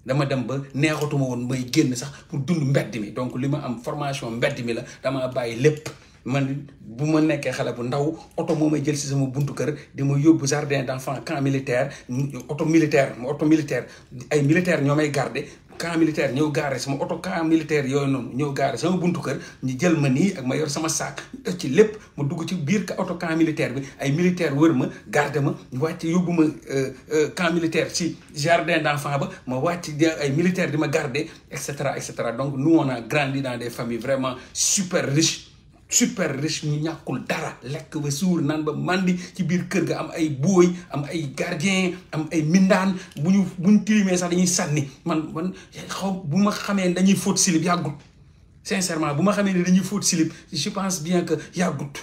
dama dem ba neexatuma woon may génn sax pour dund mbedd mi donc li ma am formation mbedd mi la dama bàyyi lépp man ma nekkee bu ndaw oto moo jël si sama buntu kër di ma yóbbu jardin faire camp militaire oto militaire oto militaire ay militaire ñoo camp militaire ñeu garé sama auto camp militaire yoy non ñeu garé sama buntu kër ñu jël ma ni ak ma yor sama ci lépp dugg ci militaire bi ay militaire ma ñu euh, euh, camp militaire ci jardin d'enfant ba ma militaire de ma garder etc. donc nous on a grandi dans des familles vraiment super riches super riche ñu ñàkkul dara lekk ba suur naan ba màndi ci biir kër ga am ay booy am ay gardien am ay mindaan bu ñu bu ñu tilimee sax dañuy sànni man man xaw bu ma xamee ne dañuy fóot silib yàggut sincèrement bu ma xamee ne dañuy fóot silib je pense bien que yàggut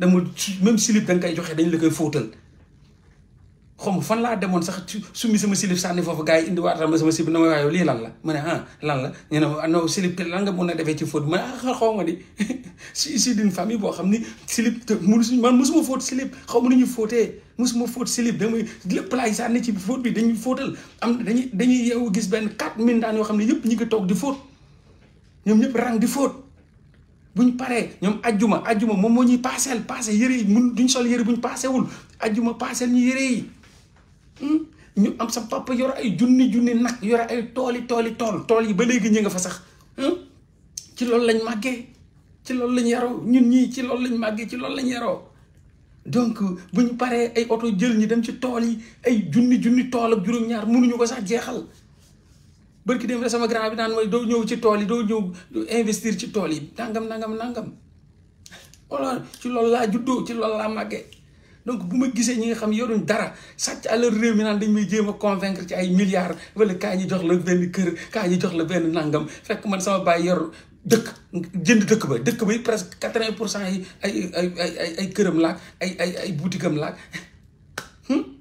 dama même silib da nga koy joxe dañu la koy fóotal xom fan laa demoon sax summi sama silib sànni foofu gars yi indiwaatal ma sama silib na ma waaye lii lan la ma ne ah lan la ñu ne ah, lan nga mun a defee ci fóot ma ne ah, ma ni si boo xam ni silib te suñ man mosuma fóot silib xaw ma nu ñu fóotee mosuma fóot silib damay lépp laay sànni ci fóot bi dañuy fóotal am dañuy dañuy yeewu gis benn quatre mindaan yoo xam ne yëpp ñi ngi toog di fóot ñoom ñëpp rang di fóot buñ paree ñoom ajjuma ajjuma moom moo ñuy paaseel paase yëre yi mun duñ sol yëre buñ paasewul ajjuma paaseel ñu yëre yi Hmm? ñu am sa papa yor ay junni junni nak yor ay toli toli tol tol yi ba léegi ñu nga fa sax hmm? ci lool lañ maggé ci lool lañ yaro ñun ñi ci lool lañ maggé ci lool lañ yaro donc buñu paré ay auto jël ñi dem ci tol yi ay junni junni tol ak juroom ñaar ñu ko sax jéxal barki dem sama grand bi naan moy do ñew ci tol yi doo ñëw investir ci tol yi nangam nangam nangam wala ci lool la juddou ci lool la maggé donc bu ma gisee ñi nga xam yoruñ dara sàcc alal réew mi naan dañ may jéem a ci ay milliards wala kaa ñi jox la benn kër kaa ñi jox la benn nangam fekk man sama baay yor dëkk jënd dëkk ba dëkk ba presque quatre-vingt pour cent yi ay ay ay ay këram laak ay ay ay buutikam laak hmm?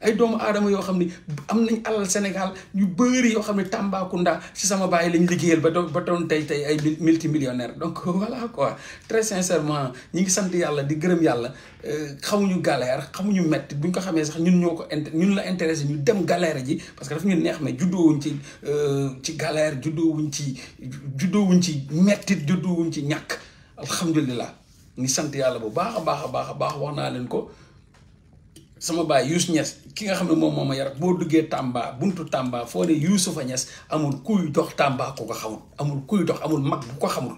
ay doomu aadama yoo xam ne am nañ alal Sénégal ñu bëri yoo xam ne Tambacounda si sama bàyyi lañ liggéeyal ba doon ba doon tey tey ay multimillionnaire donc voilà quoi très sincèrement ñi ngi sant yàlla di gërëm yàlla euh, xamuñu galère xamuñu mettit bu ñu ko xamee sax ñun ñoo ko int ñun la intéressé ñu dem galère ji parce que dafa ñu neex mais juddoowuñ ci euh, ci galère juddoowuñ ci juddoowuñ ci mettit juddoowuñ ci ñàkk alhamdulilah ngi sant yàlla bu baax a baax a baax baax wax na leen ko sama ba Youssou Niass ki nga xamne mom moma ma yar bo duggé Tamba buntu Tamba fo né Youssoupha Niass amul kuy dox Tamba ko ko xamul amul kuy dox amul mag bu ko xamul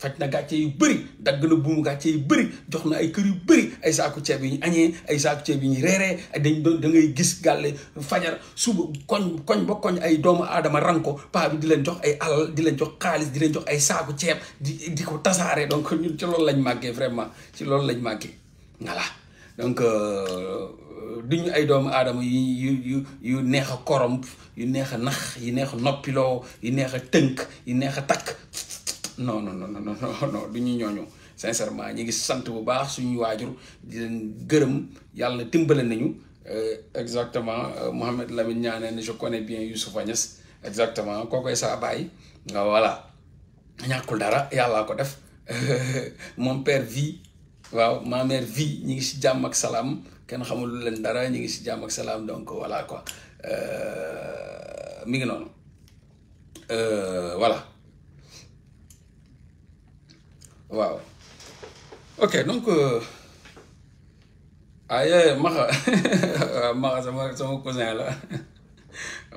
fajj na gatché yu bëri dag na mu gatché yu bëri dox na ay kër yu bëri ay saaku ceeb yi ñu ay saaku ceeb yi réré dañ da ngay gis galé fajar suba koñ koñ ba koñ ay doomu adama ranko ko bi di leen dox ay alal di leen dox xaaliss di leen dox ay saaku ceeb di di ko tasaare donc ñun ci loolu lañ maggé vraiment ci loolu lañ màggee voilà donc euh, du ay doomu aadama yu yu neex koromp yu neex non non non non non sincèrement ñu ngi sant bu baax suñu euh, exactement euh, Mohamed Lamine je connais bien Youssoufa exactement voilà dara ko def mon père vit. waaw ma mère vie ñi ngi si jàmm ak salaam kenn xamul lu leen dara ñi ngi si jàmm ak salaam donc voilà quoi euh, mi ngi euh, voilà waaw ok donc euh, aye ah, la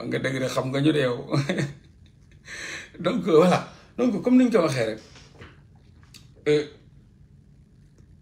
nga xam nga ñu de donc comme ni ñu ko waxee rek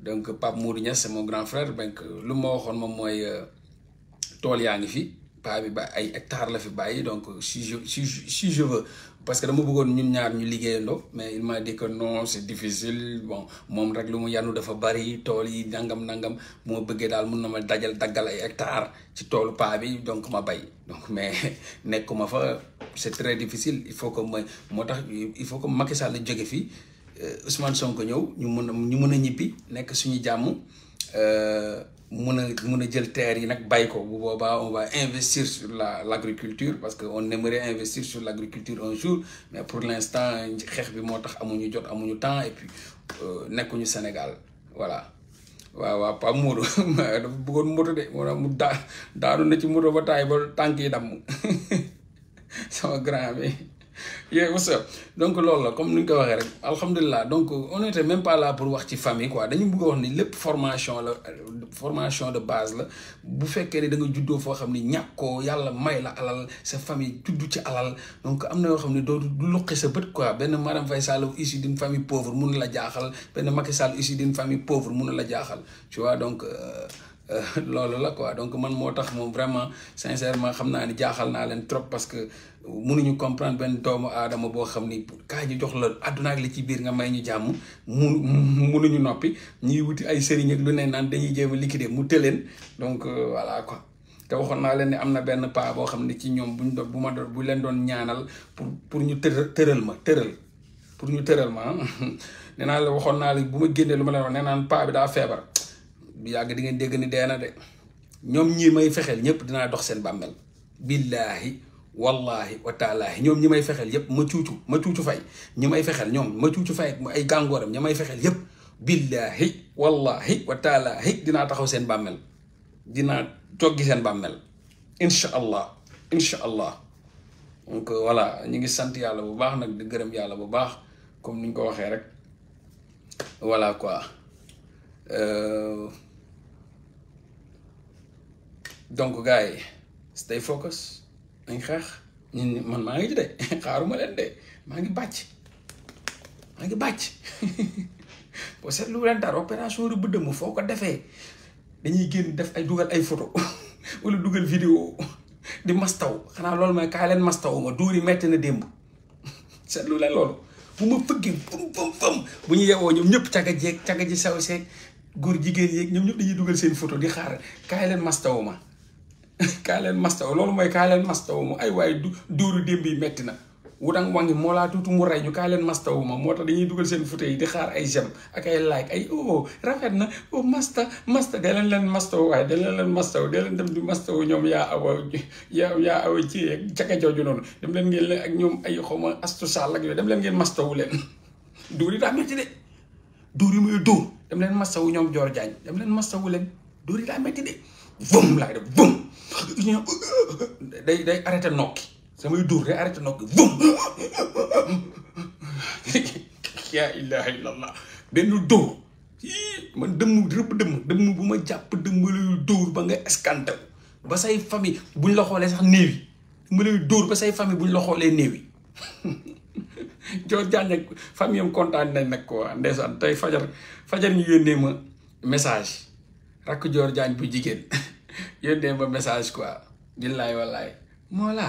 donc Pape Mourinho c'est mon grand frère donc ben, le ma waxoon moom mooy euh, toliani fi paa bi ay hectares la fi baye donc euh, si je si si je veux parce que dama bëggoon ñun ñaar ñu liggéeyandoo mais il m'a dit que non c'est difficile bon mom rek lu mu yanu dafa bari tool yi nangam nangam bu ma bëggee daal ma dajal dagal ay hectares ci tolu paa bi donc ma baye donc mais nekkuma fa c'est très difficile il faut que moi il faut que Macky Sall jóge fi euh, Ousmane Sonko ñew ñu nous ñibbi suñu euh, Nous jël terre yi ko bu on va investir sur l'agriculture, parce que on aimerait investir sur l'agriculture un jour mais pour l'instant, instant bi motax temps et puis au euh, Sénégal voilà. wa mu na ci ba grand yeah, what's up donc voir comme nous, ko donc on était même pas là pour voir ci famille quoi dañu formation la formation de base la bu faites ne da nga famille ne la alal sa famille juddu ci alal donc sa bët quoi Une madame issue d'une famille pauvre la Ben ben Macky Sall issue d'une famille pauvre la tu vois donc. Euh, euh, lolo la quoi donc man moi, vraiment sincèrement xam ni trop parce que mënuñu comprendre benn doomu aadama boo xam ni kaa ñu jox la àdduna ak li ci biir nga may ñu jàmm mu mënuñu noppi ñuy wuti ay sëriñ ak lu ne naan dañuy jéem a liquider mu tëleen donc euh, voilà quoi. te waxoon naa leen ne am na benn paa boo xam ne ci ñoom buñ doon bu ma doon bu leen doon ñaanal pour pour ñu tëral tëral ma tëral pour ñu tëral ma ah. la waxoon naa la bu ma génnee lu ma leen wax nee naan paa bi daa feebar bu yàgg di ngeen dégg ni dee na de ñoom ñii may fexeel ñëpp dinaa dox seen bàmmeel billaahi wallahi wataalaahi ñoom ñi may fexeel yépp ma cuucu ma cuucu fay ñi may fexeel ñoom ma cuucu fay ak ay gàngooram ñi may fexeel yépp billaahi wallahi wataalaahi dinaa taxaw seen bàmmeel dinaa toggi seen bàmmeel incha allah incha allah donc voilà ñu ngi sant yàlla bu baax nag di gërëm yàlla bu baax comme ni ñu ko waxee rek voilà quoi donc gars yi stay focus dañ xeex ñun man maa ngi ci de xaaruma leen de maa ngi bàcc maa ngi bàcc boo seetlu leen dara opération bu dëmm foo ko defee dañuy génn def ay dugal ay photo wala dugal vidéo di mastaw xanaa loolu mooy kaay leen mastaw ma duuri metti na démb seetlu leen loolu bu ma fëggee fëm fëm fëm bu ñu yewoo ñoom ñëpp cagga jeeg cagga ji saw seeg góor jigéen yeeg ñoom ñëpp dañuy dugal seen photo di xaar kaay leen mastaw ma kaa leen mastaw loolu mooy kaa leen mastaw ma ay waaye du duuru démb metti na wudang wangi moo laa tuuti kaa leen mastawu ma moo tax dañuy dugal seen photo yi di ay j'aime ak oh, rafet na oh masta masta da leen leen mastawu waaye da leen leen mastawu da leen dem di mastawu ñoom yaa awa yaa yaa awa ci ak jaka jooju noonu dem leen ngeen leen ak ñoom ay xawma astu sall ak yooyu dem leen ngeen mastawu leen duur yi daa métti de duur yi muy dem leen mastawu ñoom joor jaañ dem leen mastawu leen duur yi daa de vum day day arrêté nokki samay dóor day arrêté nokki vum yaa ilaha illallah benn dóor man dëmm rëbb dëmm dëmm bu ma jàpp dëmm lay dóor ba nga eskante ba say famille buñ la xoolee sax néew yi dëmm lay dóor ba say famille buñ la xoolee néew yi joo jaan nag famille am kontaan nañ nag ko ndeysaan tey fajar fajar ñu yónnee ma message rakk joor jaan bu jigéen yónnee ma message quoi billaay wallaay voilà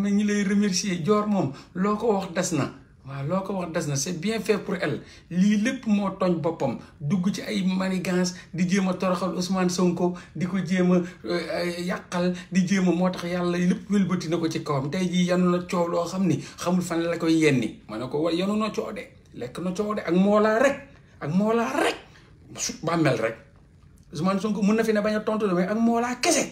ma ngi lay remercier joor moom loo ko wax des na waaw loo ko wax des na c'est bien fait pour elle lii lépp moo tooñ boppam dugg ci ay manigance di jéem a toroxal Ousmane Sonko di ko jéem a euh, yàqal di jéem moo tax yàlla lépp wëlbati na ko ci kawam tey jii yanu na coow loo xam ni xamul fan la koy yenni ma ne ko wa yanu na coow de lekk na coow de ak moolaa rek ak moolaa rek su bàmmeel rek. Ousmane Sonko mun na fi ne bañ a tontu mais ak Mollah kese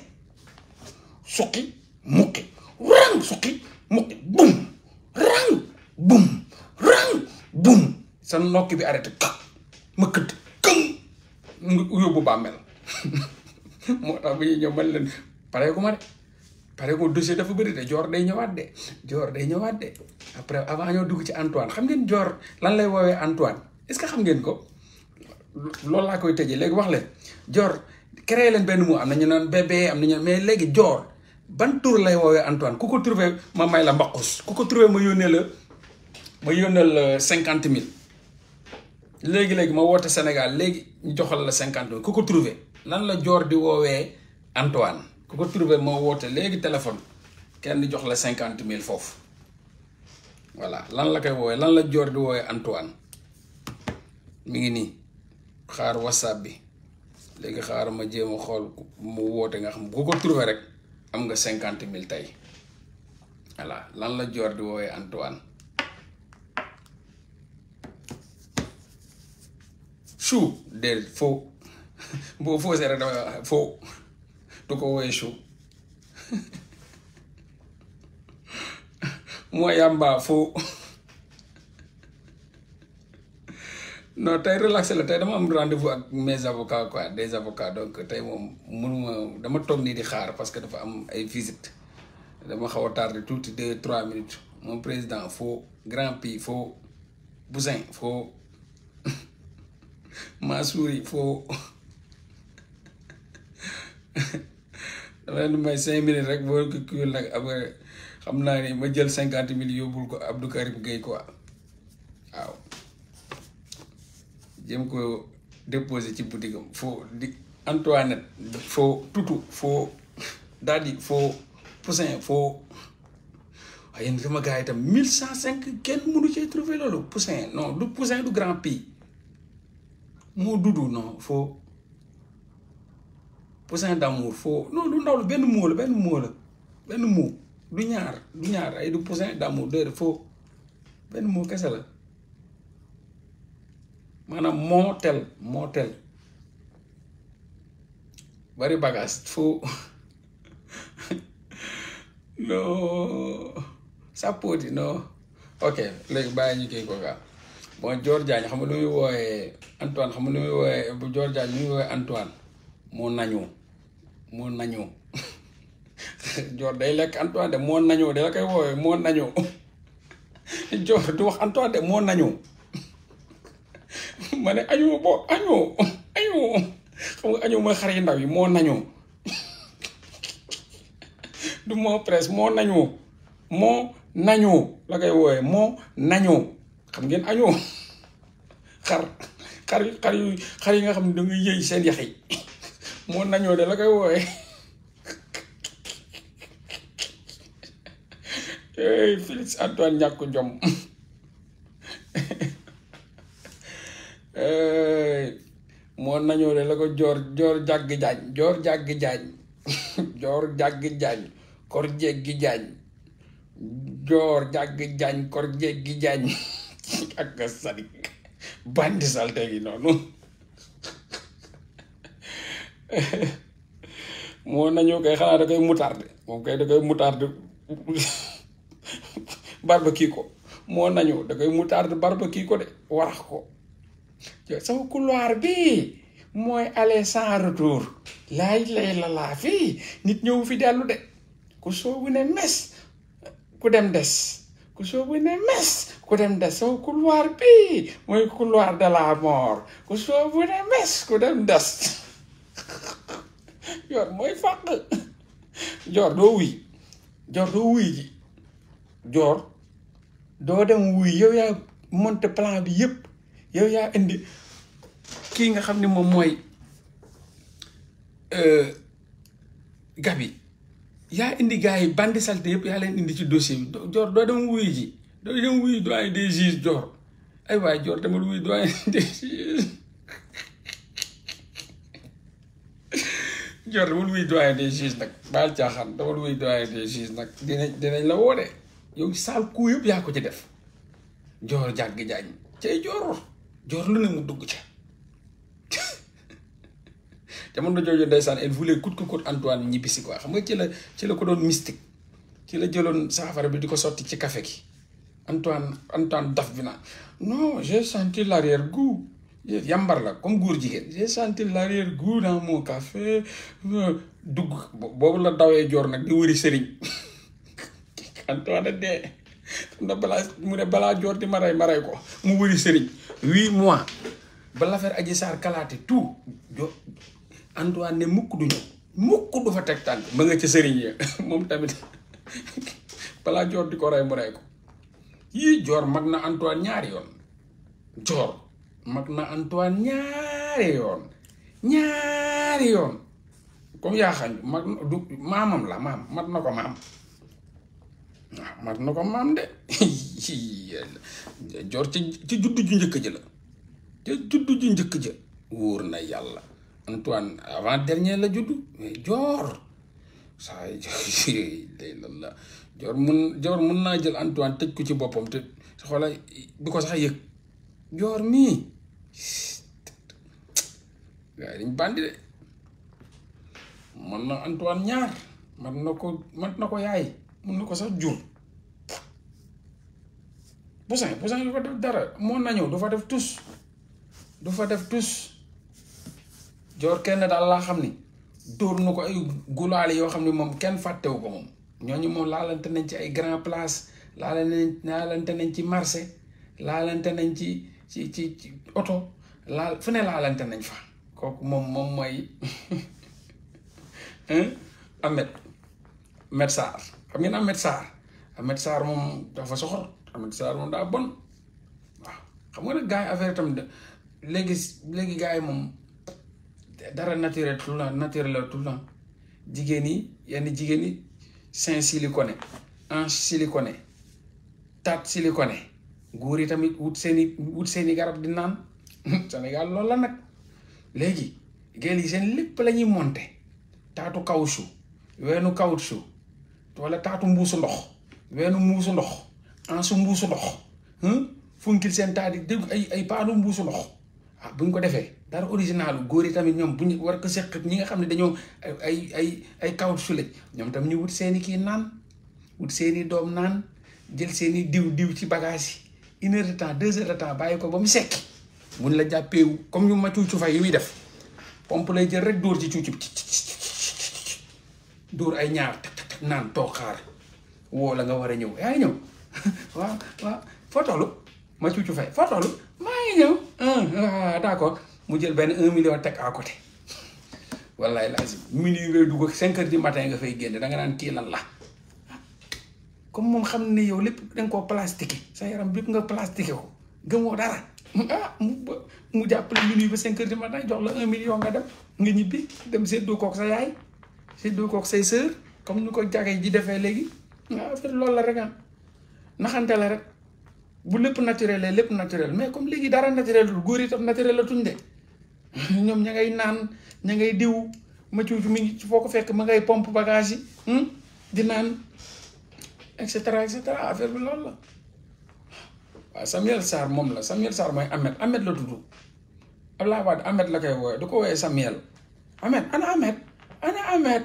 suqi mukki rang suqi mukki bum rang bum rang bum sa nokki bi arrêté ka ma këdd këm yóbbu bàmmeel moo tax bu ñuy ñëw man leen pare ku ma de pare ko dossier dafa bëri de joor day ñëwaat de joor day ñëwaat de après avant ñoo dugg ci Antoine xam ngeen joor lan lay woowee Antoine est-ce que xam ngeen ko loolu laa koy tëjee léegi wax leen joor créé leen benn mot am na ñu naan bébé am na ñu mais léegi joor ban tour lay woowee Antoine ku ko trouvé ma la mbaqus ku ko trouvé ma yónnee la ma yónnee la cinquante mille léegi léegi ma woote Sénégal léegi ñu joxal la cinquante mille ku ko trouvé lan la joor di woowee Antoine ku ko trouvé ma woote léegi téléphone kenn jox la cinquante mille foofu voilà lan la koy woowee lan la joor di woowee Antoine mi ngi nii xaar whatsapp bi. léegi xaaral ma jéem xool mu woote nga xam bu ko trouvé rek am nga cinquante mille tey voilà lan la joor di woowee Antoine chou de faux boo fausé rek dafa faux du ko woowee chou mooy yàmbaa faux non tey relaxé la tey dama am rendez-vous ak mes avocats quoi des avocats donc tey moom mënuma dama toog nii di xaar parce que dafa am ay visite dama xaw a tardé tuuti deux trois minutes moom président foo grand pays foo Bousin foo Mansouri foo dama leen may cinq minutes rek boo ko kiiwul nag après xam naa ni ma jël cinquante mille yóbbul ko Abdou Karim Gueye quoi waaw jëm ko déposé ci boutique am foo di Antoinette foo tutu foo daal di foo poussin foo waaye yéen sama gars yi tam mille cent cinq kenn mënu cee trouvé loolu poussin non du poussin du grand pi moo dudu non foo poussin d'amour foo non du ndaw la benn moo la benn moo la benn du ñaar du ñaar ay du poussin d'amour déedéet foo benn moo kese la maanaam moo tel moo tel bari bagage foo non sappooti non ok léegi bàyyi ñu kii ko gaaw bon Dior xam nga lu muy wooyee Antoine xam nga lu muy wooyee bu Dior Diagne lu muy wooyee Antoine moo nañu moo nañu Dior day lekk Antoine de moo nañu de la koy wooyee moo nañu Dior du wax Antoine de moo nañu. mane ne añoo boo añoo añoo xam nga añoo mooy xar yu ndaw yi moo nañoo du moo presse moo nañoo moo nañoo la koy moo nañoo xam ngeen añoo xar xar yu xar yu yi nga xam ne da yëy seen yax yi moo nañoo de lagay koy wooyee Félix ñàkk jom moo nañoo de la ko joor joor jàgg jaañ joor jàgg jaañ joor jàgg jaañ kor jéggi jaañ joor ak sadik bandi salte gi noonu moo nañoo koy xanaa da koy mutarde moom koy da koy mutarde barbaki ko moo nañoo da koy mutarde barbaki ko de warax ko sama couloir bi mooy aller sans retour laay lay la nit ñëw fi dellu de ku soobu ne mes ku dem des ku soobu ne mes ku dem des sama couloir bi mooy couloir de la mort ku soobu ne mes ku dem des joor mooy fàq joor doo wuy joor doo wuy ji joor doo dem wuy yow yaa monte plan bi yëpp yow yaa indi kii nga xam ne moom mooy euh, Gabi yaa indi gars yi bandi salté yëpp yaa leen indi ci dossier bi Dior doo dem wuyu ji doo dem wuyu doyen des juges Dior ay waay Dior demal wuyu doyen des juges Dior demal wuyu doyen des juges nag baal caaxaan demal wuyu nag dinañ dinañ la woode yow saal ku yëpp yaa ko ci def Dior jàgg jaañ cay Dior joor lu ne mu dugg ca jamono jooju ndeysaan elle voulait coûte que coûte Antoine ñibbisi quoi xam nga ci la ci la ko doon mystique ci la jëloon saafara bi di ko sotti ci café gi Antoine Antoine daf bi naa non j'ai senti l'arrière-goût yàmbar la comme góor jigéen j'ai senti l'arrière-goût dans mon café euh, dugg boobu la dawee joor nag di wëri sëriñ Antoine dee na bala mu ne bala di maray ko mu wuri serign 8 mois ba l'affaire Adji sar kalaté tout jo Antoine ne mukk duñu mukk du fa tek tànk ba nga ci serign yi ya. tamit bala joor di ko ray maray ko yi jor magna Antoine ñaar yon jor magna Antoine ñaar yon ñaar yon comme ya xam mag mamam la mam mat na mam, Ah, mar na ko maam de joor ci juddu ju njëkk ji la te juddu ju njëkk ja wóor na yàlla Antoine avant dernier la juddu mais joor saa day joor mun joor mun naa jël Antoine tëj ko ci boppam te xoola du ko sax yëg joor mii waaye dañ bandi de man na Antoine ñaar man na ko man na ko yaay mun na ko sax jur bu poussin du fa def dara moo na ñëw du fa def tus du fa def tus joor kenn daal laa xam ni dóor nu ko ay gulaale yoo xam ne moom kenn fàttewu ko moom ñooñu moom laalante nañ ci ay grand place laalante nañ ci marché laalante nañ ci ci ci ci oto laal fu ne laalante nañ fa kooku moom moom mooy Ahmed Ahmed Sarr xam ngeen Ahmed Sarr Ahmed Sarr moom dafa soxor Ahmed Sarr moom daa bon waaw xam nga nag gars yi affaire itam léegi léegi gars yi moom dara naturel tout le temps naturel la tout le jigéen yi yenn jigéen yi sein siliconé hanche siliconé taat siliconé góor yi tamit wut seeni wut seeni garab di naan Sénégal loolu la nag léegi géel yi seen lépp la ñuy monte taatu caoutchouc weenu caoutchouc wala taatu mbuusu ndox weenu mbuusu ndox ansu mbuusu ndox funkil seen taat yi dégg ay ay mbuusu ndox ah bu ñu ko defee dara originalu góor yi tamit ñoom bu ñu war ko seq ñi nga xam ne dañoo ay ay ay kaw sule ñoom tam ñu wut seeni kii naan wut seeni doom naan jël seeni diw diw ci bagage yi une heure de temps deux heures de temps bàyyi ko ba mu sekki mun la jàppee comme ñu ma cuucu fay yu muy def pomp lay jël rek dóor ci cuucu bi dóor ay ñaar. naan toog xaar woo la nga war a ñëw yaa ngi ñëw waaw waaw foo toll ma cuucu fay foo toll maa ngi ñëw ah, ah, mu jël benn un million teg à côté wallaay lazim minuit yi ngay dugg ak du matin nga fay génn da nga naan kii lan la comme moom xam ne yow lépp da koo plastiqué sa yaram bépp nga plastiqué ko gëmoo dara ah mu jàppale minuit ba cinq heures du matin jox la un million nga dem nga ñibbi dem séddoo kook sa yaay séddoo kook say sœur. comme nu ko jagay ji defee léegi nga affaire loolu la rek ah. naxante la rek bu lépp naturel lépp naturel mais comme léegi dara naturel lu góor yi tam naturel la tuñ de ñoom ña ngay naan ña ngay diw ma ci mi ngi fekk ma ngay pompe bagage hmm? di naan et cetera affaire bi loolu la waaw moom la Samuel Sarr mooy Ahmed la tudd la koy wooye du ko wooyee Samuel Ahmed ana Ahmed ana Ahmed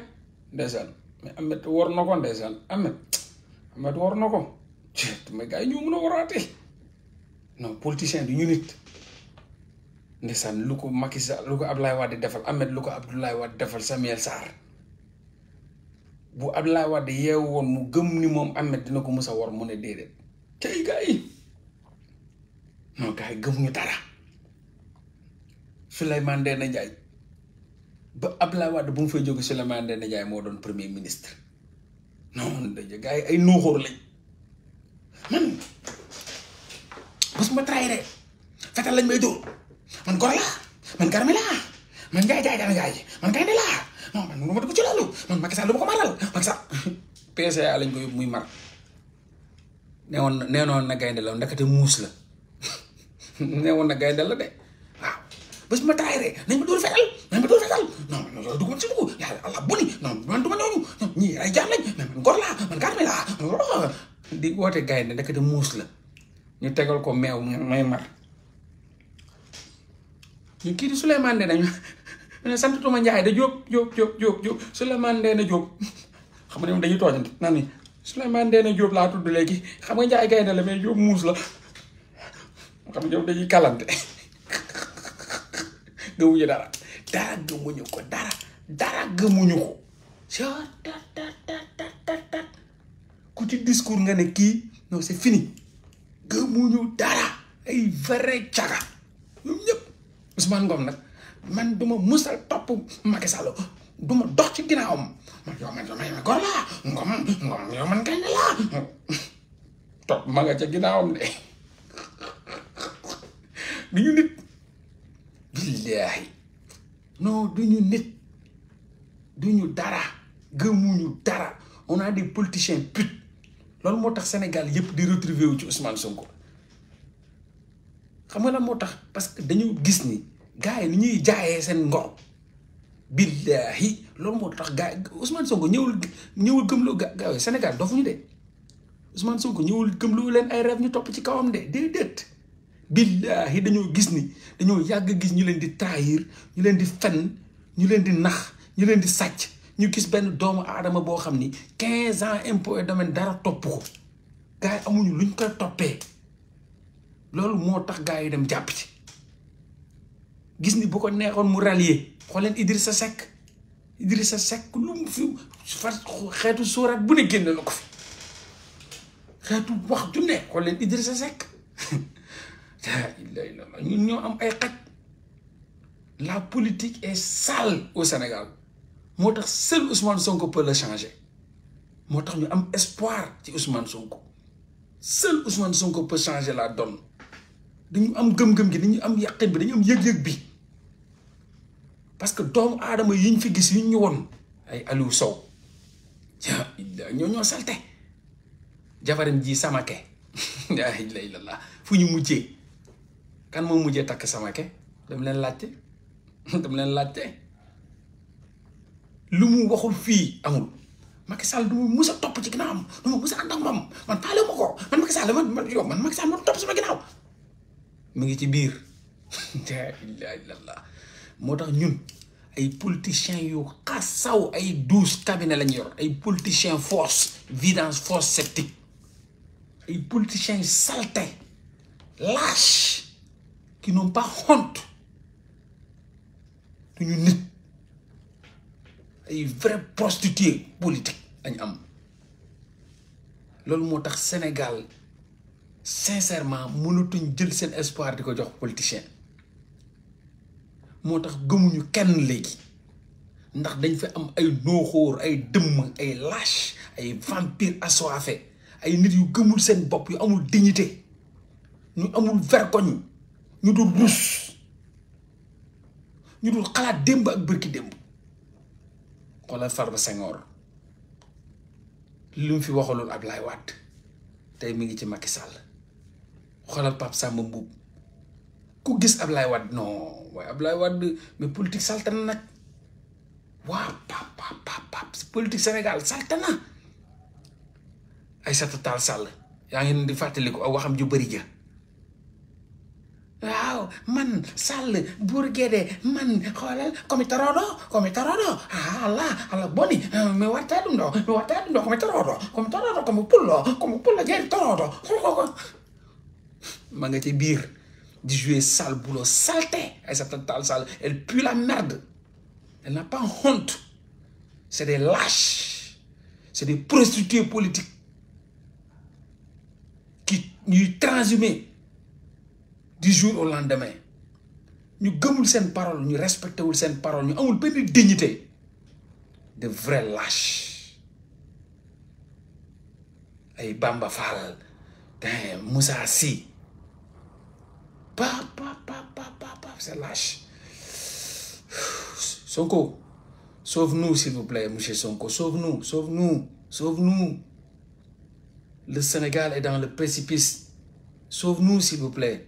ndeysaan mais Ameth war na ko ndeysaan Ameth Ameth war na ko mais gars yi ñoo mën a waraatee non politicien du ñu nit ndeysaan lu ko Macky Sall lu ko Abdoulaye Wade defal Ameth lu ko Abdoulaye Wade defal Samuel Sarr bu Abdoulaye Wade yeewu woon mu gëm ni moom Ameth dina ko mës a wor mu ne déedéet cay gars yi non gars yi gëmuñu dara Souleymane Ndéné Ndiaye ba Abdoulaye wad bu mu fay jóge Souleymane Ndéné Ndiaye mo doon premier ministre non daje gars gay ay nooxóor lañ man bés ma trahiré fetal lañ may dóor man gor la man garmi laa man jay jaay jaay jay man gaynde laa non man numu ko ci loolu man makassa lu ko maral makassa Sall PCA lañ ko yob muy mar neewoon neenoon na gaynde la ndakate muus la neewoon na gaynde la de bas ma taire nañ ma dóor fetal nañ ma dóor fetal non non loolu ko ci dugg ya allah buni non man du ma ñooñu eh. ñii ay jaam nañ man gor la man garme la di wote gaay ne de mous la ñu tegal ko meew may mar ñu ki di Souleymane de nañu ne sant Touma Ndiaye da Diop Diop Diop Diop Diop Souleymane de na Diop xam nga ñoom dañuy tooñante naan ni Souleymane Ndeye na Diop la tuddu legi xam nga Ndiaye na la mais Diop mous la xam nga ñoom dañuy kalante gëmuñu dara dara gëmuñu ko dara dara gëmuñu ko genre tat tat tat tat ku ci discours nga ne kii non c'est fini gëmuñu dara ay vrai caga ñoom ñëpp Ousmane Ngom nag man duma musal topp Macky Sall du ma dox ci ginnaawam man yow man damay ma góor topp ma nga ca ginnaawam de du ñu nit billaahi non du ñu nit du ñu dara gëmuñu dara on naa des politiciens putes loolu moo tax Sénégal yëpp di retrouver wu ci Ousmane Sonko xam nga lan moo tax parce que dañu gis ni gars yi ni ñuy jaayee seen ngor billaahi loolu moo tax gars Ousmane Sonko ñëwul ñëwul gëmloo ga gars Sénégal dofuñu de Ousmane Sonko ñëwul gëmloo leen ay rêve ñu topp ci kawam de déedéet. billaahi dañoo gis ni dañoo yàgg gis ñu leen di trahir ñu leen di fenn ñu leen di nax ñu leen di sàcc ñu gis benn doomu aadama boo xam ni quinze ans impôt et domaine dara topp ko gars yi amuñu luñ koy toppee loolu moo tax gaa yi dem jàpp ci gis ni bu ko neexoon mu rallier xool leen Idrissa Seck sa Seck lu mu fi far xeetu sóoraat bu ne génne la ko fi xeetu wax ju ne xool leen sa Seck laa ñoo am ay xaj la politique est sale au Sénégal moo tax seul Ousmane Sonko peut le changer moo tax ñu am espoir ci Ousmane Sonko seul Ousmane Sonko peut changer la done dañu am gëm-gëm gi dañu am yàqin bi dañu am yëg-yëg bi parce que doomu aadama yi ñu fi gis yi ñu woon ay Aliou Sow ñoo ñoo salte jabaram ji samake laa ilaaha fu ñu mujjee kan mo mujjé tak sama ke dam len laajte dam len laajte lu mu waxul fi amul Macky Sall du musa musa top ci ginaam du musa mus a man faale ma ko man Macky Sall man man yow man Macky Sall ma sama ginaaw mi ngi ci bir la ilaha illallah motax ñun ay politiciens yu xassaw ay 12 cabinet lañ yor ay politiciens force vidance force sceptique ay politiciens salté lâche qui n'ont pas honte vrais nit ay vrai prostitué politique ce am loolu Sénégal sincèrement pas jël un espoir di politiciens. jox politicien moo des a kenn léegi ndax dañ fi am ay des ay dëmm lâche ay vampire assoiffé ay nit yu yu amul dignité ñu de vergogne ñu dul rus ñu dul xalaat démb ak bëkki démb xolal Farba Senghor lim fi waxaloon Ablaye wat tay mi ngi ci Macky Sall xolal pap Samba mbub ku gis Ablaye wat non waaye Ablaye wat mais politique saltana nag waaw pap pap pap politique Sénégal saltana Aïssata Tall Sall ya ngi di fàttaliku ak waxam ju ja waaw man sale, Bourguédé man xoolal comme toroɗo comme toroɗo Allah, Allah ala boni mi watta ɗum me mi watta comme ɗo comme toroɗo comme comme comme pullo comme pullo jeeri toroɗo ma nga ci biir di jouer sale boulot saleté à Tall salle, elle pue la merde elle n'a pas honte c'est des lâches c'est des prostituées politiques qui ñuy transhumer du jour au lendemain nous gëmul seen parole nous respectons la parole nous avons dignité de vrais lâches. Et Bamba Fall ben Moussa c'est lâche Sonko sauve-nous s'il vous plaît monsieur Sonko sauve-nous sauve-nous sauve-nous le Sénégal est dans le précipice sauve-nous s'il vous plaît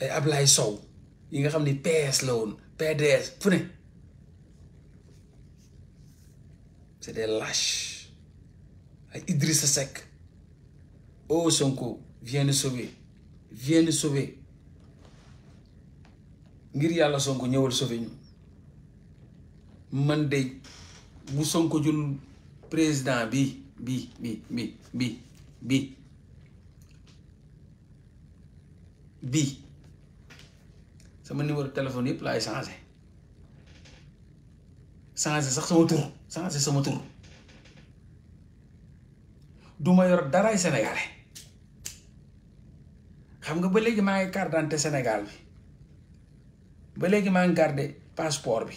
ay Ablaye Sow yi nga xam ni PS la PDS c'est des lâches ay Idrissa sec oh Sonko viens nous sauver viens nous sauver ngir Sonko sauver ñu man Sonko président bi bi bi bi bi bi sama numéro téléphone yëpp laay changé changé sax sama tur changé sama tur du ma yor daraay sénégalais xam nga ba léegi maa ngi carte d'identité bi ba léegi maa ngi gardé passeport bi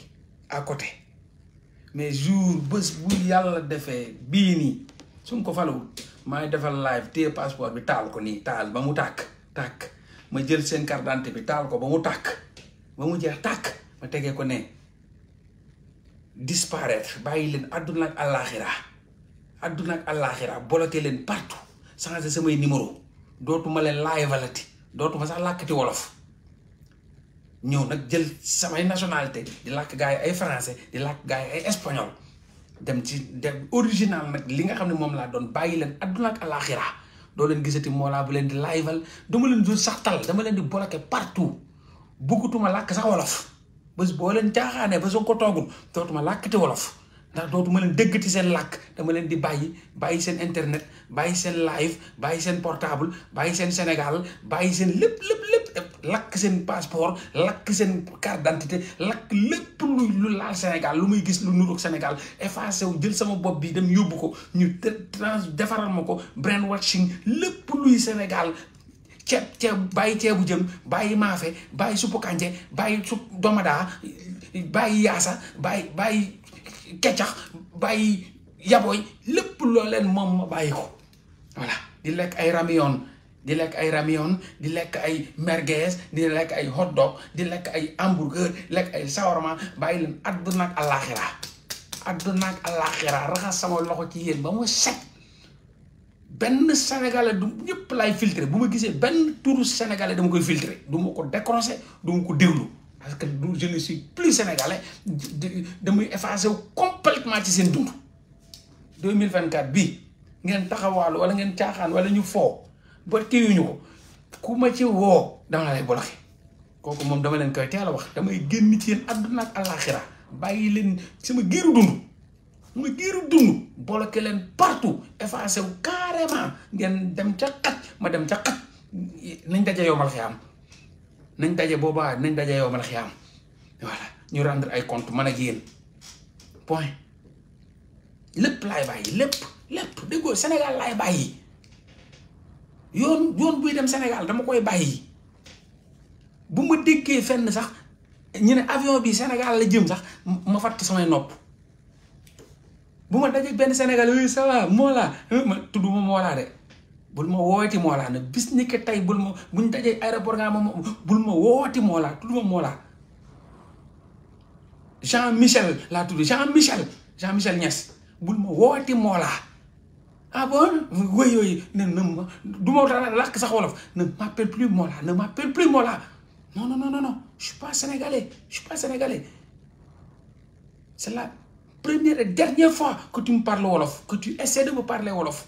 à côté mais jour bés bu yàlla defee bii nii suñ ko falu maa ngi defal live téye passeport bi taal ko nii taal ba mu tàkk tàkk ma jël seen carte bi taal ko ba mu tàkk ba mu jeex tàkk ma tegee ko ne disparaître bàyyi leen àdduna ak àllaaxira àdduna ak àllaaxira bolote leen partout changé samay numéro dootuma leen laay valati dootuma sax làkkati wolof ñëw nag jël samay nationalité di làkk gars yi ay français di làkk gars yi ay espagnol dem ci dem original nag li nga xam ne moom laa doon bàyyi leen àdduna ak àllaaxira doo leen gisati Mollah bu leen di liveal dama leen dul sax tal dama leen di bloqué partout bëggatuma lakk sax wolof bés boo leen caaxaanee ba soo ko toogul dootuma làkkati wolof ndax dootuma leen déggati seen làkk dama leen di bàyyi bàyyi seen internet bàyyi seen live bàyyi seen portable bàyyi seen Sénégal bàyyi seen lépp lépp lépp seen passeport lakk seen carte d'identité lakk lépp lu lu laal Sénégal lu muy gis lu nuroog Sénégal effacé wu jël sama bopp bi dem yóbbu ko ñu trans defaral ma ko brainwashing lépp luy Sénégal ceeb ceeb bàyyi ceebu jëm bàyyi maafe bàyyi suppu kànje bàyyi su domadaa bàyyi yaasa bàyyi bàyyi keccax bàyyi yabooy lépp loo leen moom ma bàyyi ko voilà di lekk ay ramion di lekk ay ramion di lekk ay merguez di lekk ay hot dog di lekk ay hamburger di lekk ay sawarman bàyyi leen àdduna ak àllaaxira àdduna ak àllaaxira raxas sama loxo ci yéen ba mu set benn sénégalais du ñëpp lay filtré bu ma gisee benn tour sénégalais dama koy filtre du ma ko du ma ko déglu parce que je ne suis plus sénégalais de me effacer complètement ci sen dund 2024 bi ngeen taxawal wala ngeen tiaxan wala ñu fo ba kiiwuñu ko ku ma ci da nga lay bolaxé koku mom dama leen koy téla a wax damay génn ci yeen aduna ak alakhirah bayi leen sama giiru dund sama giiru dund bolaké leen partout effacer carrément ngeen dem ci xat ma dem ci xat nañ dajé yowal xiyam nañ daje boobaa nañ daje yow man xiyaam voilà ñu rendre ay compte man a yéen point lépp laay bàyyi lépp lépp déggoo Sénégal laay bàyyi yoon yoon buy dem Sénégal dama koy bàyyi bu ma déggee fenn sax ñu ne avion bi Sénégal la jëm sax ma fatt samay nopp bu ma dajee benn Sénégal yooyu ça va moo laa euh, ma tudd ma moo laa de. bulma ma woowati Mollah nag bis ni que buñ dajee aéroport nga mom bulma ma mola, tout tudd ma Jean Michel la tudd Jean Michel Jean Michel Niass bulma ma woowati ah bon wéy yooyu ne na ma du ma sax wolof ne m'appelle plus mola, ne m'appelle plus Mollah non non non non je suis pas sénégalais je suis pas sénégalais c'est la première et dernière fois que tu me parles wolof que tu essaies de me parler wolof.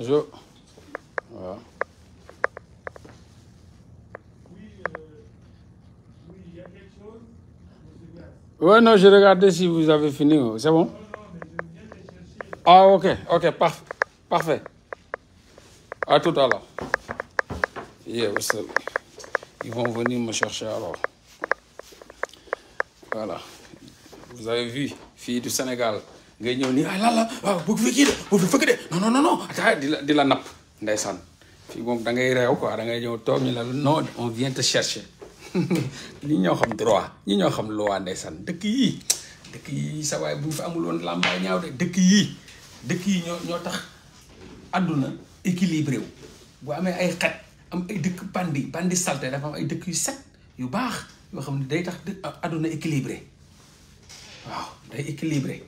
Bonjour. Voilà. Oui, non, je regardais si vous avez fini. C'est bon Ah, ok, ok, parfait. Parfait. À tout à l'heure. ils vont venir me chercher alors. Voilà. Vous avez vu, fille du Sénégal. ngay ñëw nii ah lan waaw bu fi kii de bu fi di di la napp ndeysaan moom da ngay réew da ngay ñëw toog ñu la non on vient te chercher ñi ñoo xam droit ñi ñoo xam loi ndeysaan dëkk yii dëkk yii sa waay amul woon làmbaay ñaaw de dëkk yi dëkk yii ñoo ñoo tax adduna équilibré amee ay xet am ay dëkk bandi bandi salté dafa ay dëkk yu set yu baax yoo xam ne day tax àdduna équilibré waaw day équilibré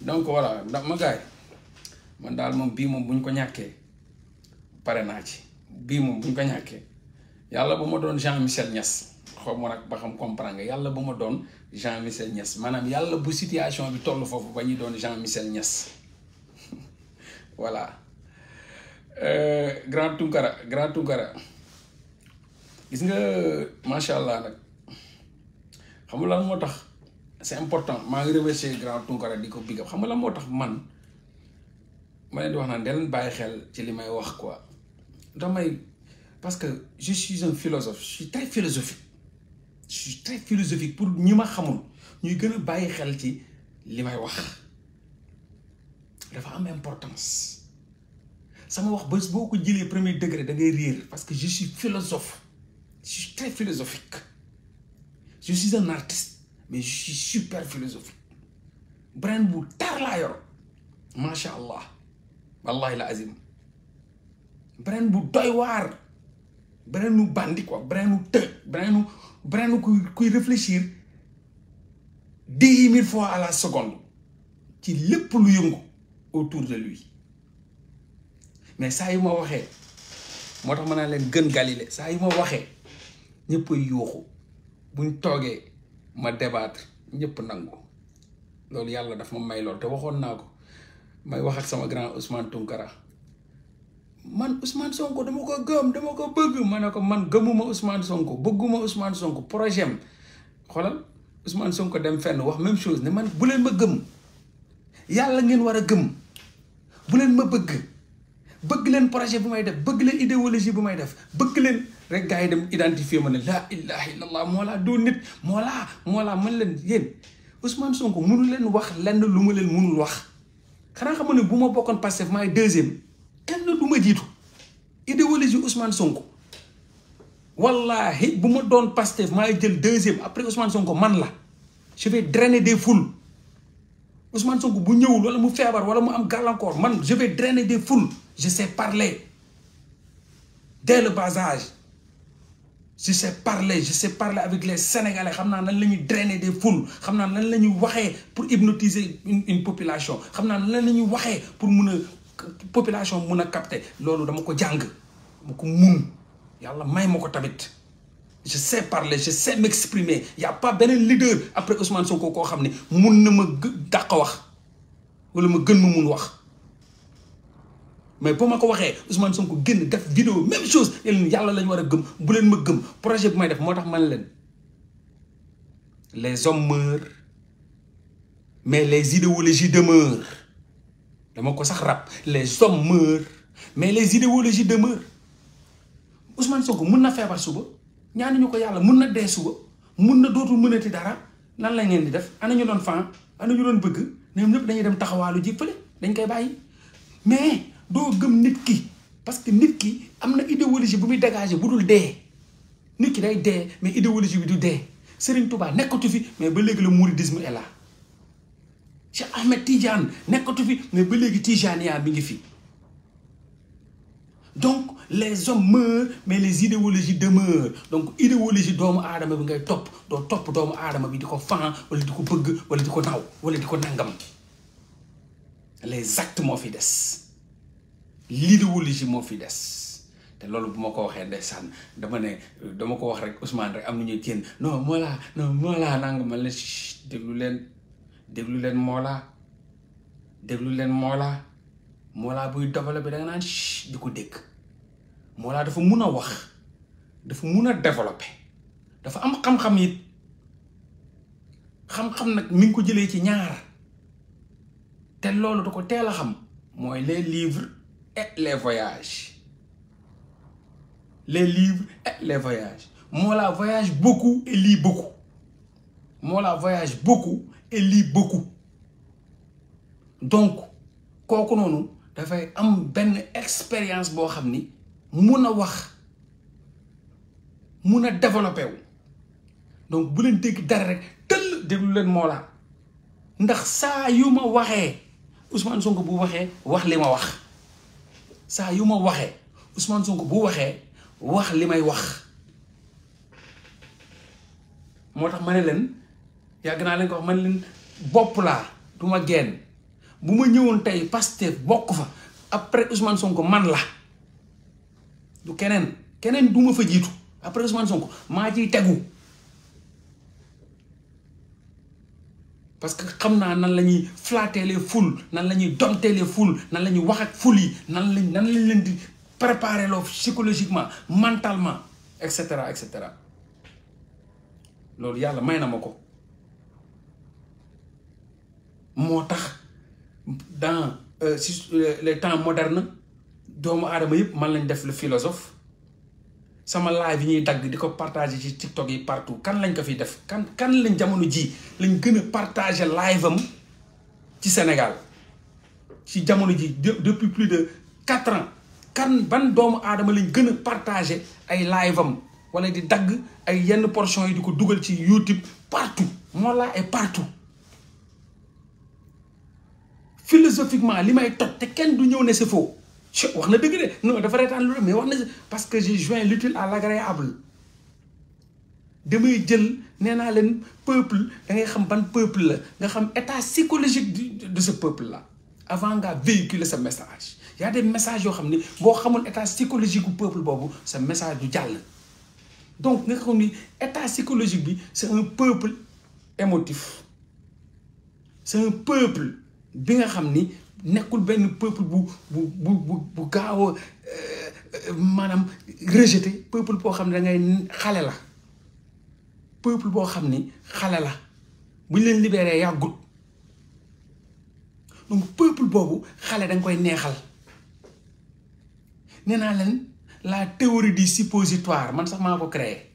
donc voilà ndax ma gaay man daal moom bii moom bu ñu ko ñàkkee pare naa ci bii moom bu ñu ko ñàkkee yàlla bu ma doon Jean Michel Niass xaw ma nag ba xam comprendre nga yàlla bu ma doon Jean Michel ñes maanaam yàlla bu situation bi toll foofu ba ñuy doon Jean Michel Niass voilà euh, Grand Tunkara Grand Tunkara gis nga macha allah nag xamul moo tax. c'est important maa ngi remercier grand Tunkara di ko big up xam nga moo tax man ma leen di wax naan da leen bàyyi xel ci li may wax quoi damay parce que je suis un philosophe je suis très philosophique je suis très philosophique pour ñi ma xamul ñuy gën a bàyyi xel ci li may wax dafa am importance sama wax bés boo ko jëlee premier degré da ngay rire parce que je suis philosophe je suis très philosophique je suis un artiste mais je suis super philosophique brain Bou allah wallahi la azim brain Bou doy bandi quoi brain brain réfléchir 10 mille fois à la seconde qui le lu autour de lui mais ça, y ma waxé. Galilée ma débattre ñëpp nangu loolu yàlla daf ma may lool te waxoon naa ko may wax ak sama grand Ousmane Tounkara man Ousmane Sonko dama ko gëm dama ko bëgg ma ne ko man gëmuma Ousmane Sonko bëgguma Ousmane Sonko projet am xoolal Ousmane Sonko dem fenn wax même chose ne man bu leen ma gëm yàlla ngeen war a gëm bu leen ma bëgg. bëgg leen projet bu may def bëgg leen idéologie bu may def bëgg leen rek gars yi dem identifier ma ne laa ilaha illallah moo laa doo nit moo laa moo laa mën leen yéen Ousmane Sonko mënu leen wax lenn lu ma leen munul wax xanaa xam ne bu ma bokkoon Pastef maay deuxième kenn du ma jiitu idéologie Ousmane Sonko wallahi bu ma doon Pastef maay jël deuxième après Ousmane Sonko man la je vais drainer des foules Ousmane Sonko bu ñëwul wala mu feebar wala mu am gàllankoor man je vais des foules Je sais parler. Dès le bas âge, je sais parler, je sais parler avec les Sénégalais. Je sais drainer des foules. Je sais pour hypnotiser une, une population. Je sais pour que la population puisse capter. C'est ce que je yàlla may ma ko tamit je sais parler je sais m'exprimer Il y' a pas de leader après Ousmane Sonko koo ne mun pas ma dàq wax wala ma mais boo ma ko Ousmane Sonko génn def vidéo même chose ne leen yàlla lañu war gëm bu len ma gëm projet bu may def motax man len les hommes meurent mais les idéologies demeurent dama ko sax rap les hommes meurent mais les idéologies demeurent Ousmane Sonko mën na feebar suba ñaanuñu ko yalla mën na dé suba mën na dootul mënati dara lan la ngeen di def ana ñu don fan ana ñu don bëgg ñoom ñep dañuy dem taxawaalu ji fële dañ koy bàyyi mais do gëm nit ki parce que nit ki amna idéologie bu muy dégager budul dé nit ki day dé mais idéologie bi du dé Serigne Touba nekkatu fi mais ba légui le mouridisme est là ci Ahmed Tidiane nekkatu fi mais ba léegi Tijaniya mi ngi fi donc les hommes meurent mais les idéologies demeurent donc idéologie doomu adama bi ngay top do top doomu adama bi diko fan wala diko bëgg wala diko ko naw wala diko nangam les actes mo fi dess lidiwul li ci mo fi dess té lolu buma ko waxé dama ne dama ko wax rek Ousmane rek am ñu tiene non mola non Mollah nanga ma la déglu leen déglu leen Mollah déglu leen Mollah mola buy développé da nga nan diko ko dégg Mollah dafa mëna wax dafa mëna développer dafa am xam-xam yi xam-xam nak mi ngi ko jëlé ci ñaar té lolu da ko xam moy les livres et les voyages. Les livres et les voyages. Moi, la voyage beaucoup et lis beaucoup. Moi, la voyage beaucoup et lis beaucoup. Donc, en a fait am benn expérience pour xam ni mun wax mun a donc bu leen dégg dara rek tëll ça leen moo laa ndax saa yu ma waxee Ousmane Sonko bu waxee wax li saa yu ma waxee Ousmane Sonko bu waxee wax li may wax moo tax ma ne leen yàgg naa leen ko wax ma ne leen bopp laa du ma génn bu ma ñëwoon tey Pastef bokk fa après Ousmane Sonko man la du keneen keneen du ma fa jiitu après Ousmane Sonko maa ciy tegu. parce que comme nan la flatter les foules nan la dompter les foules nan la wax ak foules yi nan lañ nan lañ leen di préparer loo psychologiquement mentalement et cetera et cetera loolu yàlla may na dans euh, euh, les temps modernes doomu adama yep man lañ def le philosophe sama live yi ñuy dagg di partager ci TikTok yi partout kan lañ ko fi def kan kan lañ jamono ji lañ gëna partager live am ci Sénégal ci jamono ji depuis plus de quatre ans kan ban doomu adama lañ gëna partager ay live am wala di dag ay yenn portion yi diko ko ci YouTube partout moo laa est partout philosophiquement limay top té kenn du ñëw ne c'est faux wax de non dafa reetaan lu mais wax parce que j'ai joint l'utile à l'agréable Je jël nee naa un peuple da ngay xam peuple la nga xam état psychologique de ce peuple là avant de véhiculer ce message Il y a des messages si xam ne boo état psychologique du peuple c'est un message du diable. donc l'état psychologique c'est un peuple émotif c'est un peuple bi nga nekkul benn peuple bu bu bu bu gaaw a euh, euh, maanaam rejeté peuple boo xam ne dangay xale la peuple boo xam ni xale la buñ leen libéré yàggut donc peuple boobu xale da koy neexal nee naa leen la théorie du suppositoire man sax maa ko créé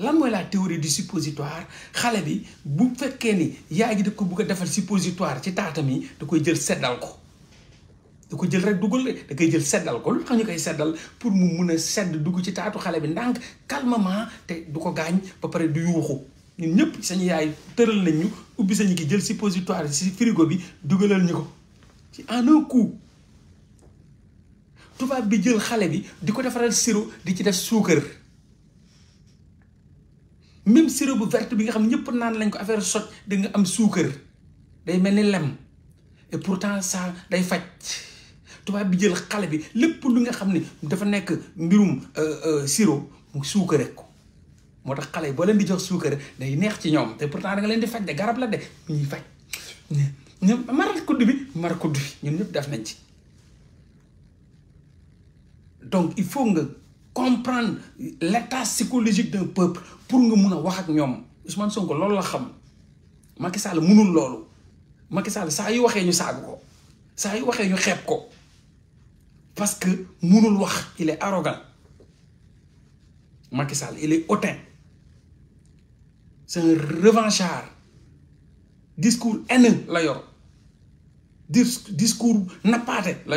lan mooy la théorie du suppositoire xale bi bu fekkee ni yaay gi daf ko bugg a defal suppositoire ci taatam mi da koy jël seddal ko da ko jël rek dugal da koy jël seddal ko lu tax ñu koy seddal pour mu mun a sedd dugg ci taatu xale bi ndànk calmement te du ko gaañ ba pare du yuuxu ñun ñëpp sañu yaay tëral nañ ñu ubbi sañu ki jël suppositoire ci frigo bi dugalal ñu ko ci en un coup tubaab bi jël xale bi di ko defaral siro di ci def suukar. même sirop bu verte bi nga xam ne ñëpp naan lañ ko affaire soj da nga am suukar day mel ni lem et pourtant ça day faj tubaab bi jël xale bi lépp lu nga xam ne dafa nekk mbirum euh, euh, sirop mu suukare ko moo tax xale yi boo leen di jox suukar day neex ci ñoom te pourtant da leen di faj de garab la de ñuy faj ñoom maral kudd bi mar kudd bi ñoom ñëpp def nañ ci donc il faut nga. comprendre l'état psychologique d'un peuple pour nga mun Je wax ak ñoom Ousmane Sonko loolu la xam Macky Sall munul loolu Macky Sall ça yu waxee ñu saagu ko saa yu waxee ñu xeeb ko parce que munul dire. il est arrogant Macky Sall il est hautain c'est un revanchard discours haineux la yor discours napaté. la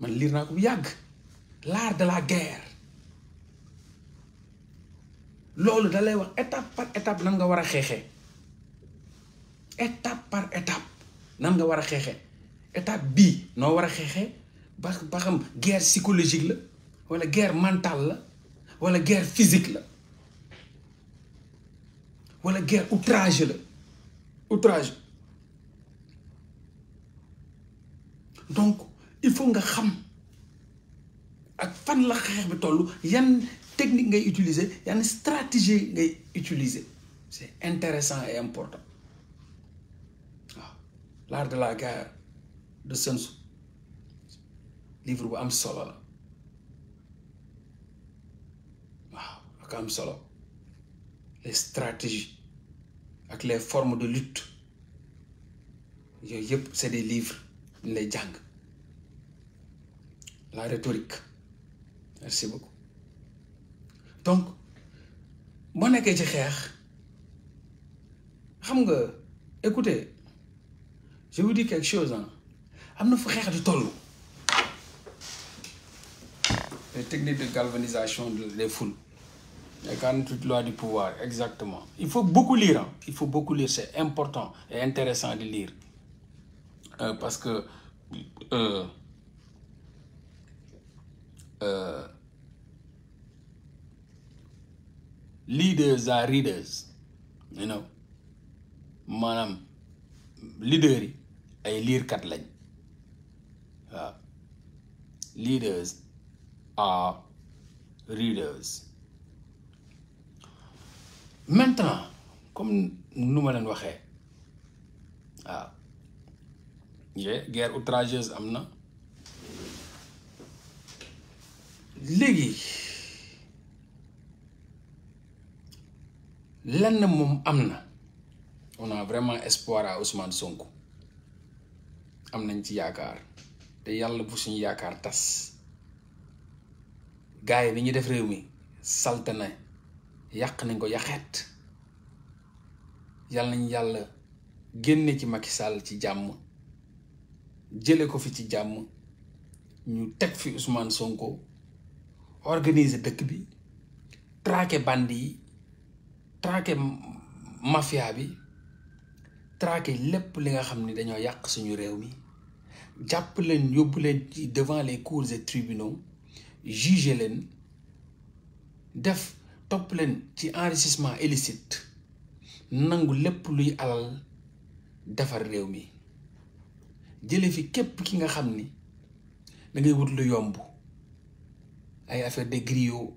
man liir naa ko bu yàgg l'art de la guerre loolu da lay wax étape par étape nan nga war a xeexee étape par étape nan nga war a xeexee étape bii noo war a xeexee ba ba xam guerre psychologique la wala guerre mentale la wala guerre physique la wala guerre outrage la outrage donc il faut nga xam ak fan la Il bi tollu yan technique ngay utiliser une stratégie ngay utiliser c'est intéressant et important l'art de la guerre de Sun Tzu livre bu am solo la les stratégies ak les formes de lutte yooyu yëpp c'est des livres la rhétorique merci beaucoup donc bonne nekkee ci écoutez je vous dis quelque chose hein. frère les techniques de galvanisation des foules les 48 lois du pouvoir exactement il faut beaucoup lire hein. il faut beaucoup lire c'est important et intéressant de lire euh, parce que euh, Uh, leaders are readers you know maanaam leaders yi ay liirkat lañ leaders are readers maintenant comme nous ma leen ah, waaw guerre outrageuse am léegi lan na moom am na on a vraiment espoir à Ousmane Sonko am nañ ci yaakaar te yàlla bu suñu yaakaar tas gaay bi ñu def réew mi salte yàq nañ ko yaxeet yàlla nañ yàlla génne ci Macky Sall ci jàmm jële ko fi ci jàmm ñu teg fi Ousmane Sonko organiser dëkk bi traquer bandi yi traquer mafia bi traquer lépp li nga xam ni dañoo yàq suñu réew mi jàpp leen yóbbu leen ci devant les cours et tribunaux juger leen def topp leen ci enrichissement illicite nangu lépp luy alal defar réew mi jële fi képp ki nga xam ni da ngay wut lu yomb ay affaire de griot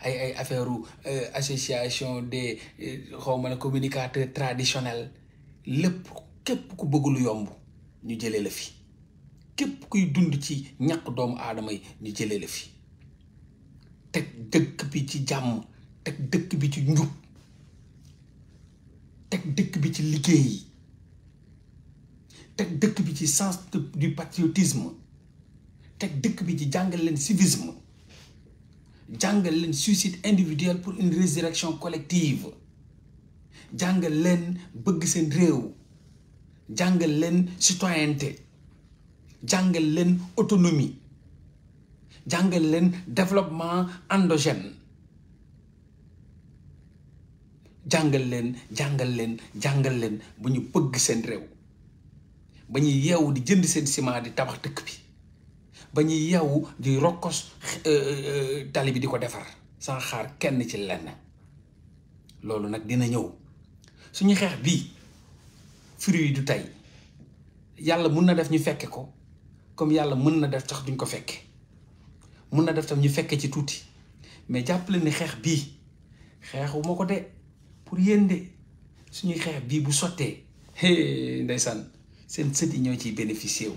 ay ay affaire euh, association des euh, xaw ma ne communicateurs traditionnels lépp képp ku bëgg yomb ñu jële la fi képp kuy dund ci ñaq doomu aadama yi ñu jëlee la fi teg dëkk bi ci jàmm teg dëkk bi ci njub teg dëkk bi ci liggéey yi teg dëkk bi ci sens du patriotisme teg dëkk bi ci jàngal leen civisme jàngal leen suicide individuel pour une résurrection collective jàngal leen bëgg seen réew jàngal leen citoyenneté jàngal leen autonomie jàngal leen développement endogène jàngal leen jàngal leen bu ñu bëgg seen réew ba ñuy yeewu di jënd seen ciment di tabax dëkk bi ba ñuy yeewu di rokkos eh, eh, eh, tali bi di ko defar sans xaar kenn ci lenn loolu nag dina ñëw suñu xeex bii fruit yi du tey yàlla mun na def ñu fekke ko comme yàlla mën na def sax duñ ko fekke mun na def tam ñu fekke ci tuuti mais jàppale ni xeex bii xeexuma ko de pour yéen de suñuy xeex bii bu sottee ndeysaan seen sët yi ñoo ciy bénéficier wu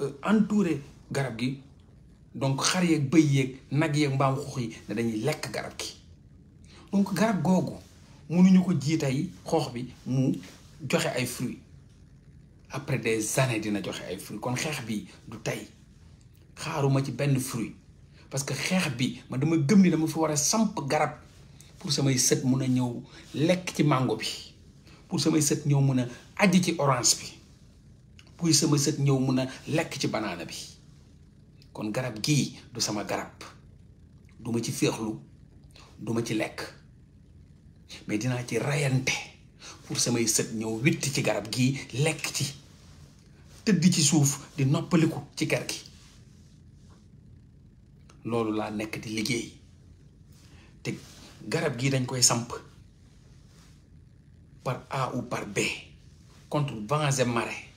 Euh, entouré garab gi donc xar yeeg bëy yeeg nag yeeg mbaam xoox yi ne dañuy lekk garab gi donc garab googu mënuñu ko jiitay xoox bi mu joxe ay fruits après des années dina joxe ay fruits kon xeex bi du tey xaaruma ci benn fruit parce que xeex bi ma dama gëm ni dama fi war a samp garab pour samay sët mun a ñëw lekk ci mango bi pour samay sët ñëw mun a aji ci orange bi buy sama seut ñew mëna lek ci banana bi kon garab gi du sama garab duma ci fexlu duma ci lek, mais dina ci rayante pour sama seut ñew witt ci garab gi lek ci tëdd ci suuf di noppaliku ci kër gi lolu la nek di liggéey te garab gi dañ koy samp par A ou par B contre vents et marées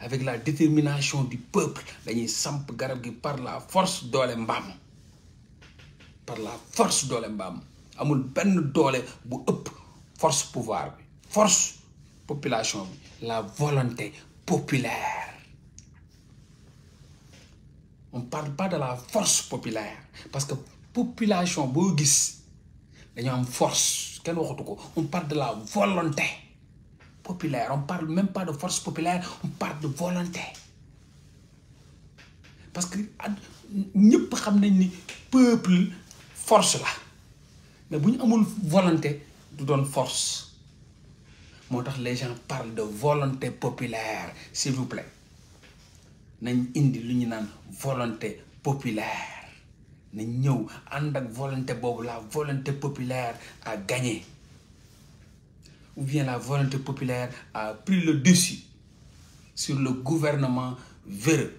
avec la détermination du peuple dañuy samp garab par la force de par la force de l'embam. amul n'y bu force pouvoir force population la volonté populaire on ne parle pas de la force populaire parce que la population boo gis force on parle de la volonté on ne parle même pas de force populaire, on parle de volonté. Parce que nous savons que le peuple force là. Mais si nous avons volonté, nous donne force. les gens parlent de volonté populaire, s'il vous plaît. Nous avons volonté populaire. Nous avons volonté la volonté populaire à gagner ou bien la volonté populaire a pris le dessus sur le gouvernement véreux.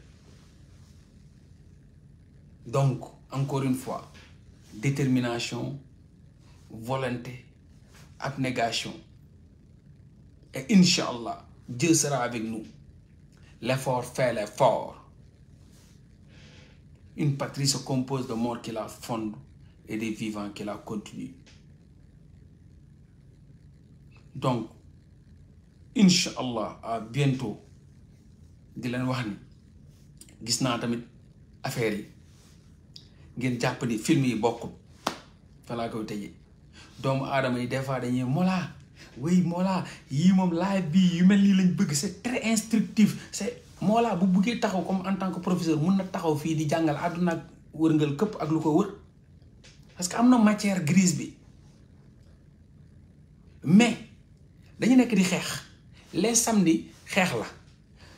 Donc, encore une fois, détermination, volonté, abnégation. Et Inch'Allah, Dieu sera avec nous. L'effort fait l'effort. Une patrie se compose de morts qui la fondent et des vivants qui la continuent. donc incha à euh, bientôt di leen wax ni gis naa tamit affaire yi ngeen jàpp ni film yi bokkul fa laa koy tëjee doomu aadama yi des fois dañuy mola way mola yi mom live bi yu mel nii lañ bëgg c'est très instructif c'est mola bu bëggé taxaw comme en tant que professeur mën na taxaw fi di jangal aduna ak wërngal këpp ak lu ko wër parce que amna matière grise bi mais dañu nekk di xeex les samedi xeex la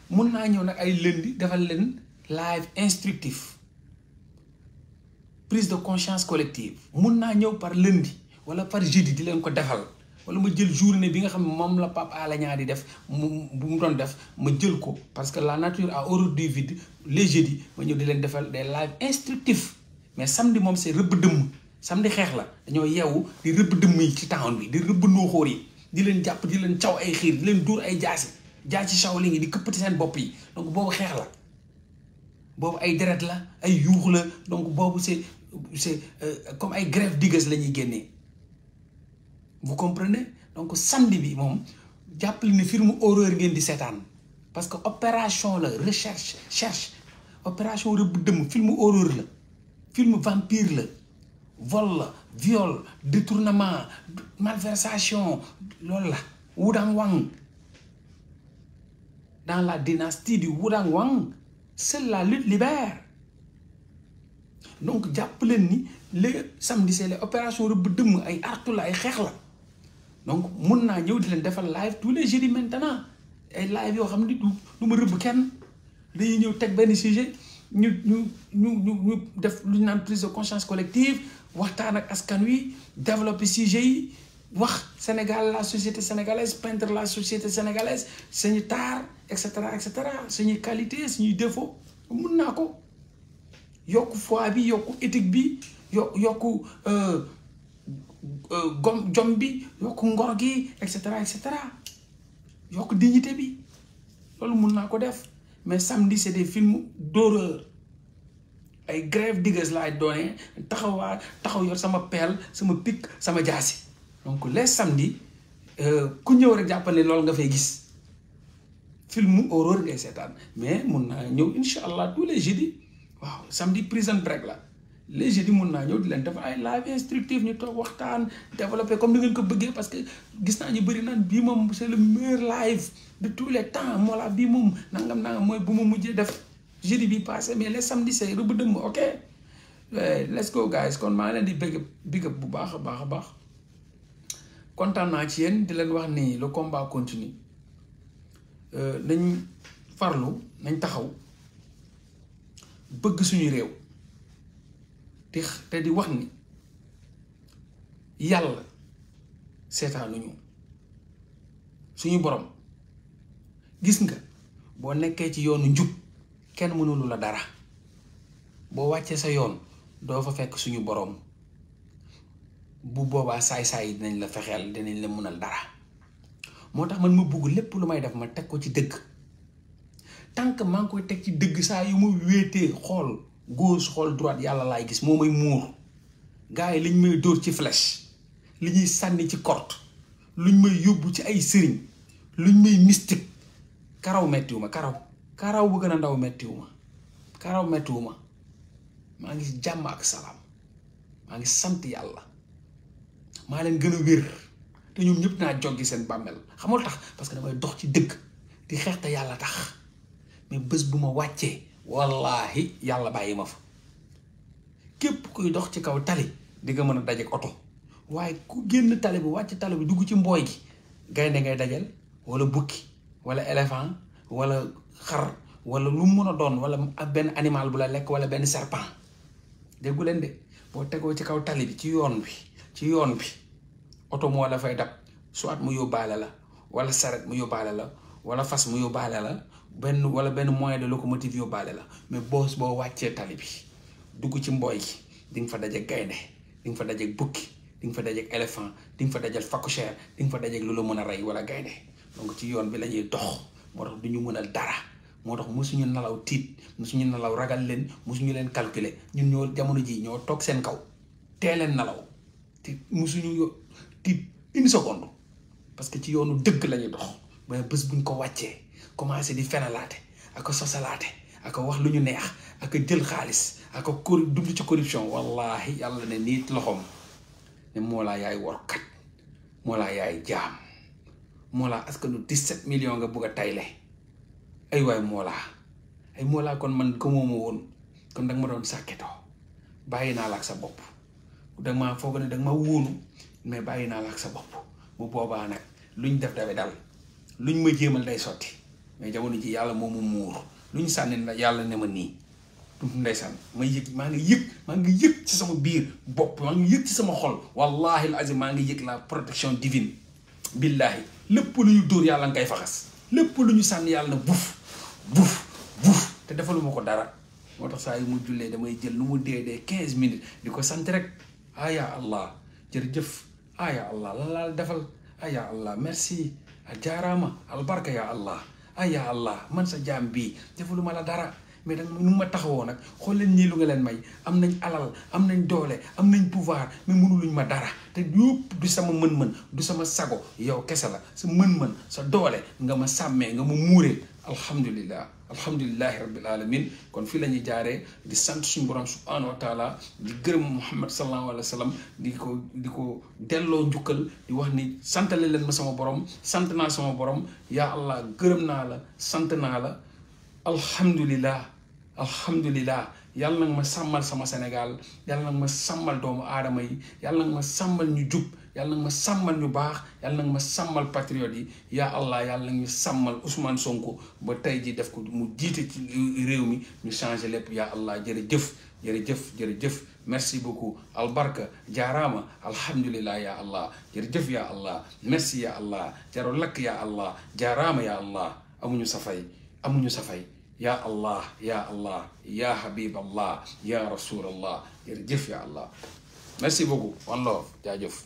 mun naa ñëw nag ay lundi defal leen live instructif prise de conscience collective mun naa ñëw par lundi wala par jeudi di leen ko defal wala ma jël journée bi nga xam ne moom la pap Alé di def bu mu doon def ma jël ko parce que la nature a horreur du vide les jeudis ma ñëw di leen defal des live instructif mais samedi moom c'est rëbb dëmm samedi xeex la dañoo yeewu di rëbb dëmm yi ci taxaw bi di rëbb nooxóor yi dilen japp dilen di ay xir dilen dur duur ay jaasi jaasi Shaolin yi di keppati sen bop yi donc bobu xex la bobu ay deret la ay yuux la donc bobu c'est c'est euh, comme ay grève digues lañuy guenné vous comprenez donc samedi bi moom jàppale ni film horreur ngeen di seetaan parce que opération la recherche cherche opération rëbb dëmm film horreur la film vampire la vol la viol détournement malversation Wang dans la dynastie du Wudang Wang c'est la lutte libère donc ni le samedi c'est l'opération la Boudoum et artu et ay donc nous naa ñëw live tous les jeudis maintenant Et live nous xam ni nous nous nous kenn dañuy de sujet ñu ñu ñu prise de conscience collective nous ak askan wi développer sujet wax Sénégal la société sénégalaise peindre la société sénégalaise suñu tar et cetera et cetera suñu qualité suñu défaut mën naa ko yokku foi bi yokku éthique bi yokku euh, euh gom jom bi yokku ngor gi et cetera et cetera yokku dignité bi mën def mais samedi c'est des films d'horreur ay grève diggante lay donné taxawa taxaw yor sama pelle sama pic sama jassi donc les samedi euh ku ñew rek jàppal ne loolu nga fay gis film horreur ngay seetaan mais mun na ñew inshallah tous les jeudi waaw samedi prison break la les jeudi mun na ñew di leen def ay live instructif ñu tok waxtaan développer comme ni ngeen ko bëggé parce que gis na ñu bëri naan bi mom c'est le meilleur live de tous les temps moo la bii moom nangam na moy bu mu mujjé def jeudi bi passé mais les samedi c'est est dem ok euh, let's go guys kon ma ngi leen di big up bu baax a baax kontan na ci yeen di len wax ni le combat continue euh, nañ farlu nañ taxaw bëgg suñu réew te te di wax ni yàlla seetaanuñu suñu borom gis nga bo nekké ci yoonu njub kenn lu la dara bo wacce sa yoon do fa fekk suñu borom bu boobaa saay-saay yi dinañ la fexeel dinañ la mënal dara moo tax man ma bugg lépp lu may def ma teg ko ci dëgg tant que maa ngi koy teg ci dëgg saa yu mu wéetee xool gauche xool droite yàlla laay gis moo may muur gars yi liñ may dóor ci flèche li ñuy sànni ci corde luñ may yóbbu ci ay sëriñ luñ may mystique karaw mettiwu ma karaw karaw bu gën a ndaw mettiwu ma karaw mettiwu ma maa ngi jàmm ak salaam maa ngi sant yàlla ma leen gën a wér te ñoom ñëpp naa joggi seen bàmmeel xamul tax parce que damay dox ci dëgg di xeex te yàlla tax mais bés bu ma wàccee wallahi yàlla bàyyi ma fa képp kuy dox ci kaw tali di nga mën a dajeek oto waaye ku génn tali bi wàcc tali bi dugg ci mbooy gi gaynde ngay dajal wala bukki wala éléphant wala xar wala lu mu mën a doon wala benn animal bu la lekk wala benn serpent déggu leen de boo tegoo ci kaw tali bi ci yoon bi ci yoon bi oto moo la fay dab soit mu yóbbaale la wala saret mu yóbbaale la wala fas mu yóbbaale la benn wala benn moyen de locomotive yóbbaale la mais boos boo wàccee tali bi dugg ci mbooy yi di nga fa dajeeg gaynde di nga fa dajeeg bukki di nga fa dajeeg éléphant di nga fa dajeeg facochère di nga fa dajeeg lu la mën a rey wala gaynde donc ci yoon bi la ñuy dox moo tax du ñu mën a dara moo tax mosuñu nalaw tiit mosuñu nalaw ragal leen mosuñu leen calculer ñun ñoo jamono ji ñoo toog seen kaw tee leen nalaw te musuñu tiit une seconde parce que ci yoonu dëgg la ñuy dox ba bés buñ ko wàccee commencé di fenalaate ak a sosalaate ak wax lu ñu neex ak jël xaalis ak ko dund ci corruption wallahi yàlla ne nit loxoom ne mola laa yaay workat moo laa yaay jaam moo laa askanu 17 millions nga bugg a ay waay moo ay moo kon man gëmoo ma woon kon danga ma doon sàkketoo bàyyi naa sa bopp da maa foog ne da ma wóolu mais bàyyi naa la ak sa bopp bu boobaa nag luñ def dawe dal ñu ma jéemal day sotti mais jamono ji yàlla moomu muur lu ñu sànni na yàlla ne ma nii ndeysaan ma yëg maa ngi yëg maa ngi yëg ci sama biir bopp maa ngi yëg ci sama xol wallahi alazim maa ngi yëg la protection divine billahi lépp lu ñu dóor yàlla nga kay faxas lépp lu ñu sànni yàlla na buuf buuf buuf te defaluma ko dara moo tax saa yu mu jullee damay jël lu mu dee quinze minutes di ko sant rek aya ah, allah jërëjëf aya ah, allah lan laa defal aya ah, allah merci a jaaraama albarka ya allah aya allah man sa jaam bii defaluma la dara mais nag nu ma taxawoo nag xool leen nii lu nga leen may am nañ alal am nañ doole am nañ pouvoir mais luñ ma dara te yëpp du sama mën-mën du sama sago yow kese la sa mën-mën sa doole nga ma sàmmee nga ma muureel alhamdulillah alhamdulilahi rabbil alamin kon fii la ñuy jaaree di sant suñu borom subhanahu wa di gërëm muhammad sallallahu alayhi wa sallam di ko di ko delloo njukkal di wax ni santale leen ma sama borom sant borom yaa allah gërëm naa la sant naa la alhamdulilah alhamdulilah yàlla nag ma sàmmal sama Sénégal yàlla nag ma sàmmal doomu aadama yi yàlla nag ma sàmmal ñu jub yàlla nga ma sàmmal ñu baax yàlla nga ma sàmmal patriote yi yaa allah yàlla nga ñu sàmmal Ousmane Sonko ba tey ji def ko mu jiite ci réew mi ñu changé lépp yaa allah jërëjëf jërëjëf jërëjëf merci beaucoup albarka jaaraama alhamdulillah yaa allah jërëjëf yaa allah merci yaa allah jaro lakk yaa allah jaaraama yaa allah amuñu safay amuñu safay yaa allah yaa allah yaa habib allah merci beaucoup one love